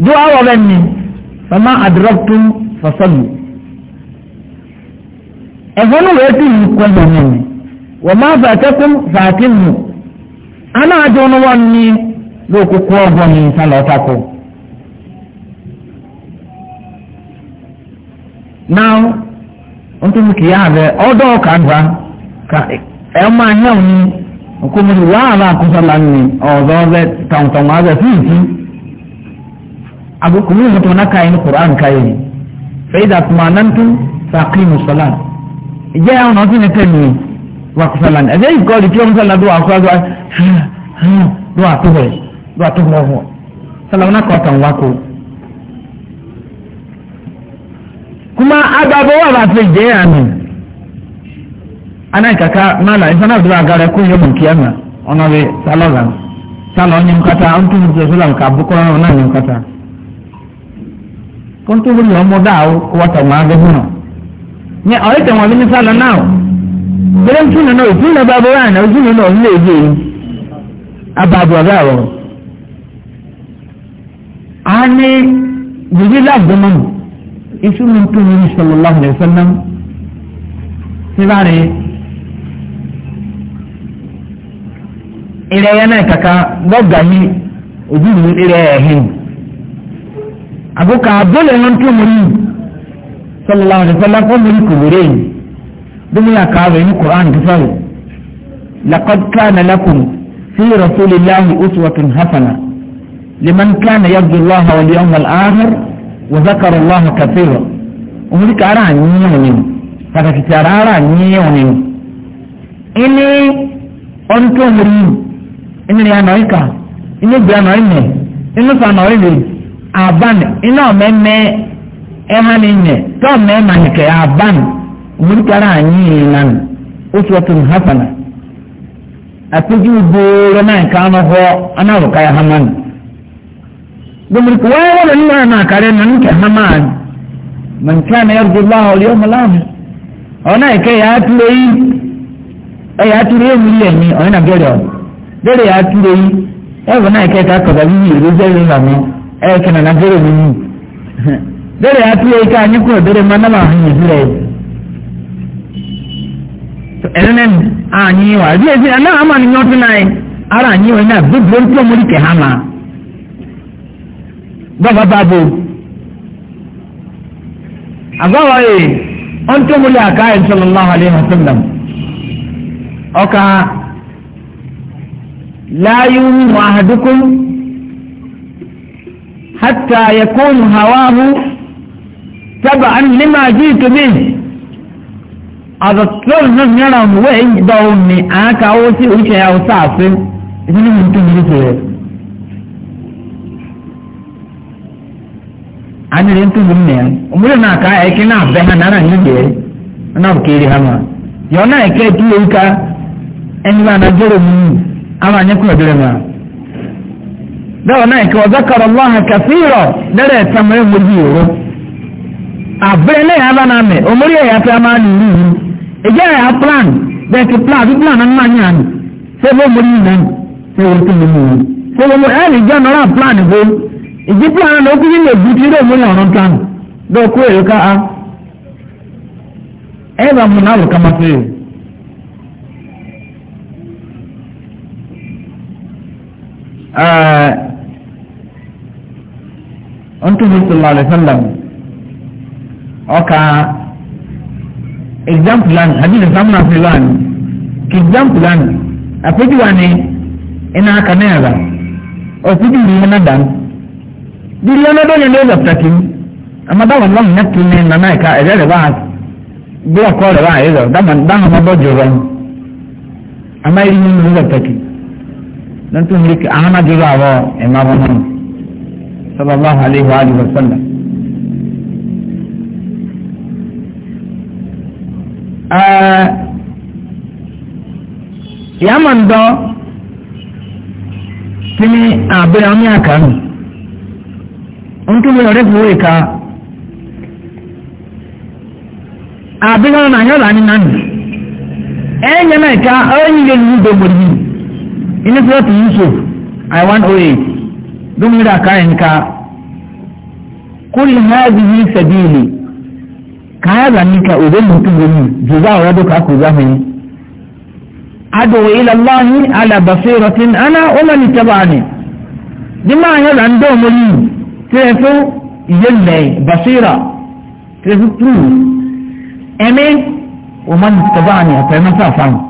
dua wawen ni fama adraktum fasallu ẹ̀fọ́nù rẹ̀ ti yìí kọ́ ẹ̀mọ́ mi wọ́n máa fà ana àjọ ní wọn ní lókùkù ọgbọ́n ní sálọ ọ̀tàkù. náà ntun kìí àbẹ ọdọ ka ẹ máa yẹ òun nkùnmí wàhálà kùsàlà ní ọ̀dọ́ abu kuma yin mutum na kayan qur'an kai ni sai da kuma nan tun saqimu salat ije ya ona tin te mi wa ku salan aje ko di tiom sala do akwa do do atuwe do atuwe ho salam na ko tan wa ko kuma agabo wa ba se je amin ana kaka mala insana do agara ko yo kiyama ona we salalan salon yin kata antum sallam ka bukura ona yin kata kóńtó wọlé ọmọ dáa ó wọtọ máa gbé fún ọ ní ọ̀rẹ́ tẹ̀wọ̀n mi ní sálọ náà otu tún nínú òtún náà bàbá wa náà ojú nínú lè yìí a ní bìbí lágbọ́nmọ́ iṣu mi tún ní sọlọ́láhu ní sọ́nà síbáre ìrẹ̀yẹ náà kàkà gbọ́gà ojú mi àbúkà abúlé ló ń tún mú yìí sọlọ́lá ọ̀rẹ́ sọlá fún mi kò wéré yìí bí mo yà ká rẹ̀ ní koran tó sọ̀rọ̀ lakọ́d kánà lakùn sí rasulí láhùn oṣuwàtún hasana liman kánà yàgbé lọ́hà wọlé ọmọ al'ahar wà zakarọ̀ lọ́hà kàfẹ́rọ̀ òun kà ara àníyàn ni pàtàkì tí ara ara àníyàn ni ilé ọ̀n tó mú yìí ilé àná ìkà ilé ìgbé àná ìmẹ̀ ilé ìfà àná ìmẹ̀ abani ina ọmẹmẹ ẹha ni nyẹ tọ mẹma nìkẹ abani omurikara anyi yinan oṣù ọtún hasana apẹju gbòòrò na nke anụ hɔ ana ọrùka ya nke ni gbẹmùrìkì ha wọlé nínú ẹ̀ náà kárẹ́ nínú nkẹ hama ni mọ̀nkíá náà yọrọ gbogbo àwọn na ọmọ ya ọ̀nà ìkẹ́ yà á túlẹ̀ yìí ẹ̀ ọ á túlẹ̀ yìí wúlò ẹ̀yìn ọ̀nà gẹ̀rẹ̀ ọ̀ gẹ̀rẹ̀ yà ẹ̀kìnà náà fẹ́rẹ̀ mi yìí bẹ́rẹ̀ àti ẹ̀ka anyikọ̀ bẹ́rẹ̀ máa náà hàn yìí sílẹ̀ ẹ̀rẹ́ nẹ́nu ànyìn wa bí ẹ̀sìn ẹ̀ náà àmà ni yọ̀ tún náà ara ànyìn wa náà bíbí ó ń tó mórí kẹ̀ hàmà bàbá bàbò àgbàwọ̀ yìí ó ń tó mórí àká ẹ̀ sọlọ́láhùn alẹ́ hàn sọ́dọ̀ ọkà láyé wù àdúkùn. حتى ya هواه تبعا لما جئت به àtọ̀tọ̀ náà ní ara òun wẹ́ẹ̀ gbọ́ òun ni àáka ya sí oríṣi ẹ̀yà ọ̀sá àfẹ́ nínú mi tó yìí rẹ̀. anìrè ń tóbi nìyẹn òmùlẹ̀ náà na ẹ̀kẹ́ náà na hàn náà níbi ẹ̀ ka dáwọn náà kí wọ́n zákàrọ̀ lọ́hàn kàfíìrọ̀ lẹ́rẹ̀ tẹ̀mọ̀rẹ́ mo di òru. àbúrẹ́ lẹ́yìn abánamẹ̀ omórí ẹ̀yà tí a máa lù ú yìí. ìjẹ́ ẹ̀yà plan bẹ́ẹ̀ e e, ti plan àti plan náà ń yàn ní. ṣé bó mo ṣé wọ́n ti mú mi wọ́n. ṣé wọ́n plan bó. plan náà múlẹ̀ ọ̀rọ̀ ká a. ẹ̀ e ọ̀ntúbi sọ̀rọ̀ àlẹ́sọ̀lọ̀ ọ̀ka example lan hadith example of lan ki example lan àpèjúwa ni ina aka náírà òfin ìlú yẹn náà dànù bíi yẹn náà dọ́nyẹ̀ ní ọ̀dọ̀ pẹ̀tìm amadáwọ̀ lọ́nà nẹ́tù ní nana ẹ̀ka ẹ̀rẹ́ rẹ̀ báà bí ọkọ rẹ̀ báà yẹ lọ dáhùn ọmọdé jù rẹ̀ amáyé ní ọ̀dọ̀ pẹ̀tìm nantu hiriki ahana juga awo imamu nan sallallahu alaihi wa alihi wa sallam yaman do tini abin ami akan ntu mi ore fuwe ka abin na nyola ni nani enye na ka onye ni ni inú sọ́ọ̀tù yusuf i one oh eight gómìnà karen ka kúlì hàbí yìí sẹ́bìlì káyàrá ní ka òde mùtú wọnú jùlọ àwọn ọdún kakú záhìn adùn ilẹ̀ lọ́hìn alábàfẹ́ rọtín aná ọmọ ní tẹ́bàánì nígbà yẹn là ń dọ̀ mọ́ yìí tẹ́ ẹ fún ìyẹ́lẹ̀ basira tẹ́ fún tùrù ẹ̀mí ọmọ ní tẹ́bàánì àtẹ̀mẹ́fà fáwọn.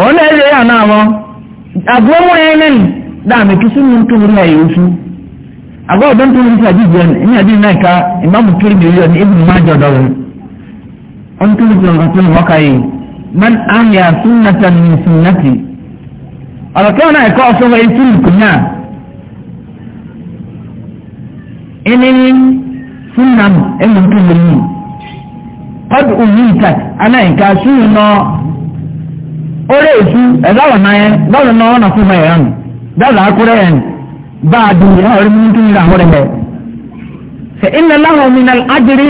ọ̀nà ẹ̀rẹ́ yà náà wọ́n agbọ́mọ ẹ̀ dáàmì kí sínú tó wọlé ayé oṣù àgọ́ ọ̀dọ́ tó wọlé àdí ìjẹun ẹ̀yìn àdí náà ká ìmáàmù kiri mi yọ ní ibi má jọ dọ̀rọ̀ ọ̀n tó wọlé tó wọ́n ká yìí man ahya sunnata min sunnati ọ̀rọ̀ kí wọn náà ẹ̀kọ́ ọ̀ṣọ́ wọ́n ètú ẹni tó orí èsú ẹ̀dáwọ̀ náà yẹn báwo náà fún ẹ̀yà nù dáadáa kúrẹ́ yẹn bá a dùn yẹn ọ̀rẹ́ mímú tún yíra àwọ̀rẹ́ yẹn. fẹ iná láwọn mi náà ájírí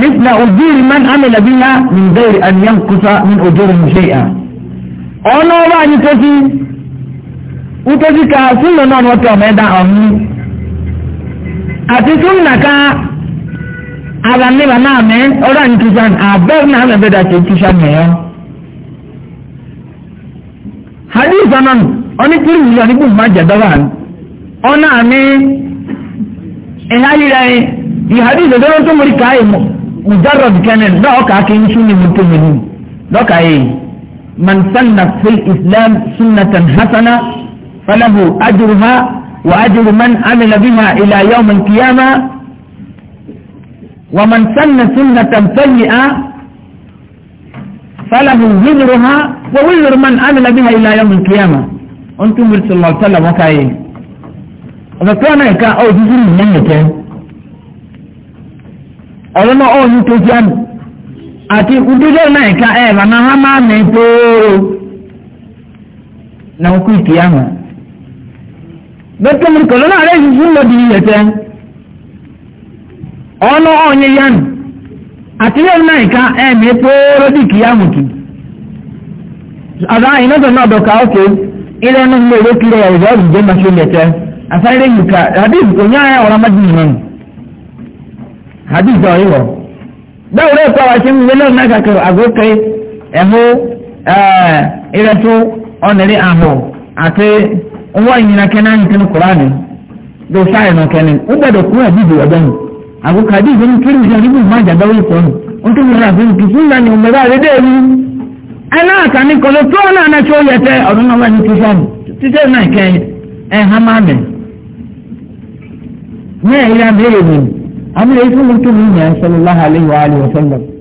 nígbà òjúri mẹ́ni àmìlẹ̀ yá ní bẹ́ẹ̀rẹ̀ àníyàn kúta ní òjòrò nìṣe yà. ọ̀nà ọba àyè tẹ́sí wútẹ́sí ká súnlọ náà wọ́n tẹ ọmọ ẹ̀dá ọ̀hún. àti súnlọ ká àlàníbà náà mẹ́ ọ̀rọ̀ àyè àbẹ́rẹ́ náà mẹ́ bẹ́ẹ̀ hadith sanan oni kiri wuli oni gbun maja dawan ona ni ina yira yi yi hadith da don to muri kai mu mujarrad kanen da oka ke yin sunni mutum ne da ka yi man sanna fil islam sunnatan hasana falahu ajruha wa ajru man amila biha ila yawm al-qiyamah ومن سن سنة سيئة فله وزرها ووزر من عمل بها إلى يوم القيامة أنتم صلى الله عليه وسلم وكاين فكان كا أو جزر من يمكن ọlọ́nà ọ̀hún tó jẹ́ àmì àti ìdúró náà ká ẹ̀ bàná há máa na okú ìkìyàmù bẹ́ẹ̀ tó mú kọ̀lọ́nà rẹ̀ yìí fún àtìlẹ́yìn náà ìka ẹ̀mí pọ́ọ́rọ́dìkì yàmùtù àbá ìnáwó náà dọ̀ka ókè ilé ẹnu mi èrè kílẹ̀ ẹ̀rọ ìjẹ́ máa ṣe lẹ̀tẹ́ àfáyéré yìíká hadith ònyá ayé ọ̀rọ̀ amájú nìyẹn hadith ọ̀rẹ́ wọ̀ bẹ́ẹ̀ wọ́n kọ́ àwọn aṣẹ́mi wẹ́lẹ́ náà kàkẹ́ àgókè ẹ̀hó ìrẹsù ọ̀nẹ́rẹ́ àhọ̀ àti owó ìyìnà kẹ́nà ní kẹ́nu kùránì lọ́sàáyé náà kẹ́ni ó gbọ́dọ̀ abu kadi zan kirin da ribu ma da dawo ko on to mara bin ki sunna ni umma da de ni ana ka ni ko to na na cho yete on na wani ti sam ti te na ke e ha ma me ne ila me ni amre isu mutum ni sallallahu alaihi wa alihi wa sallam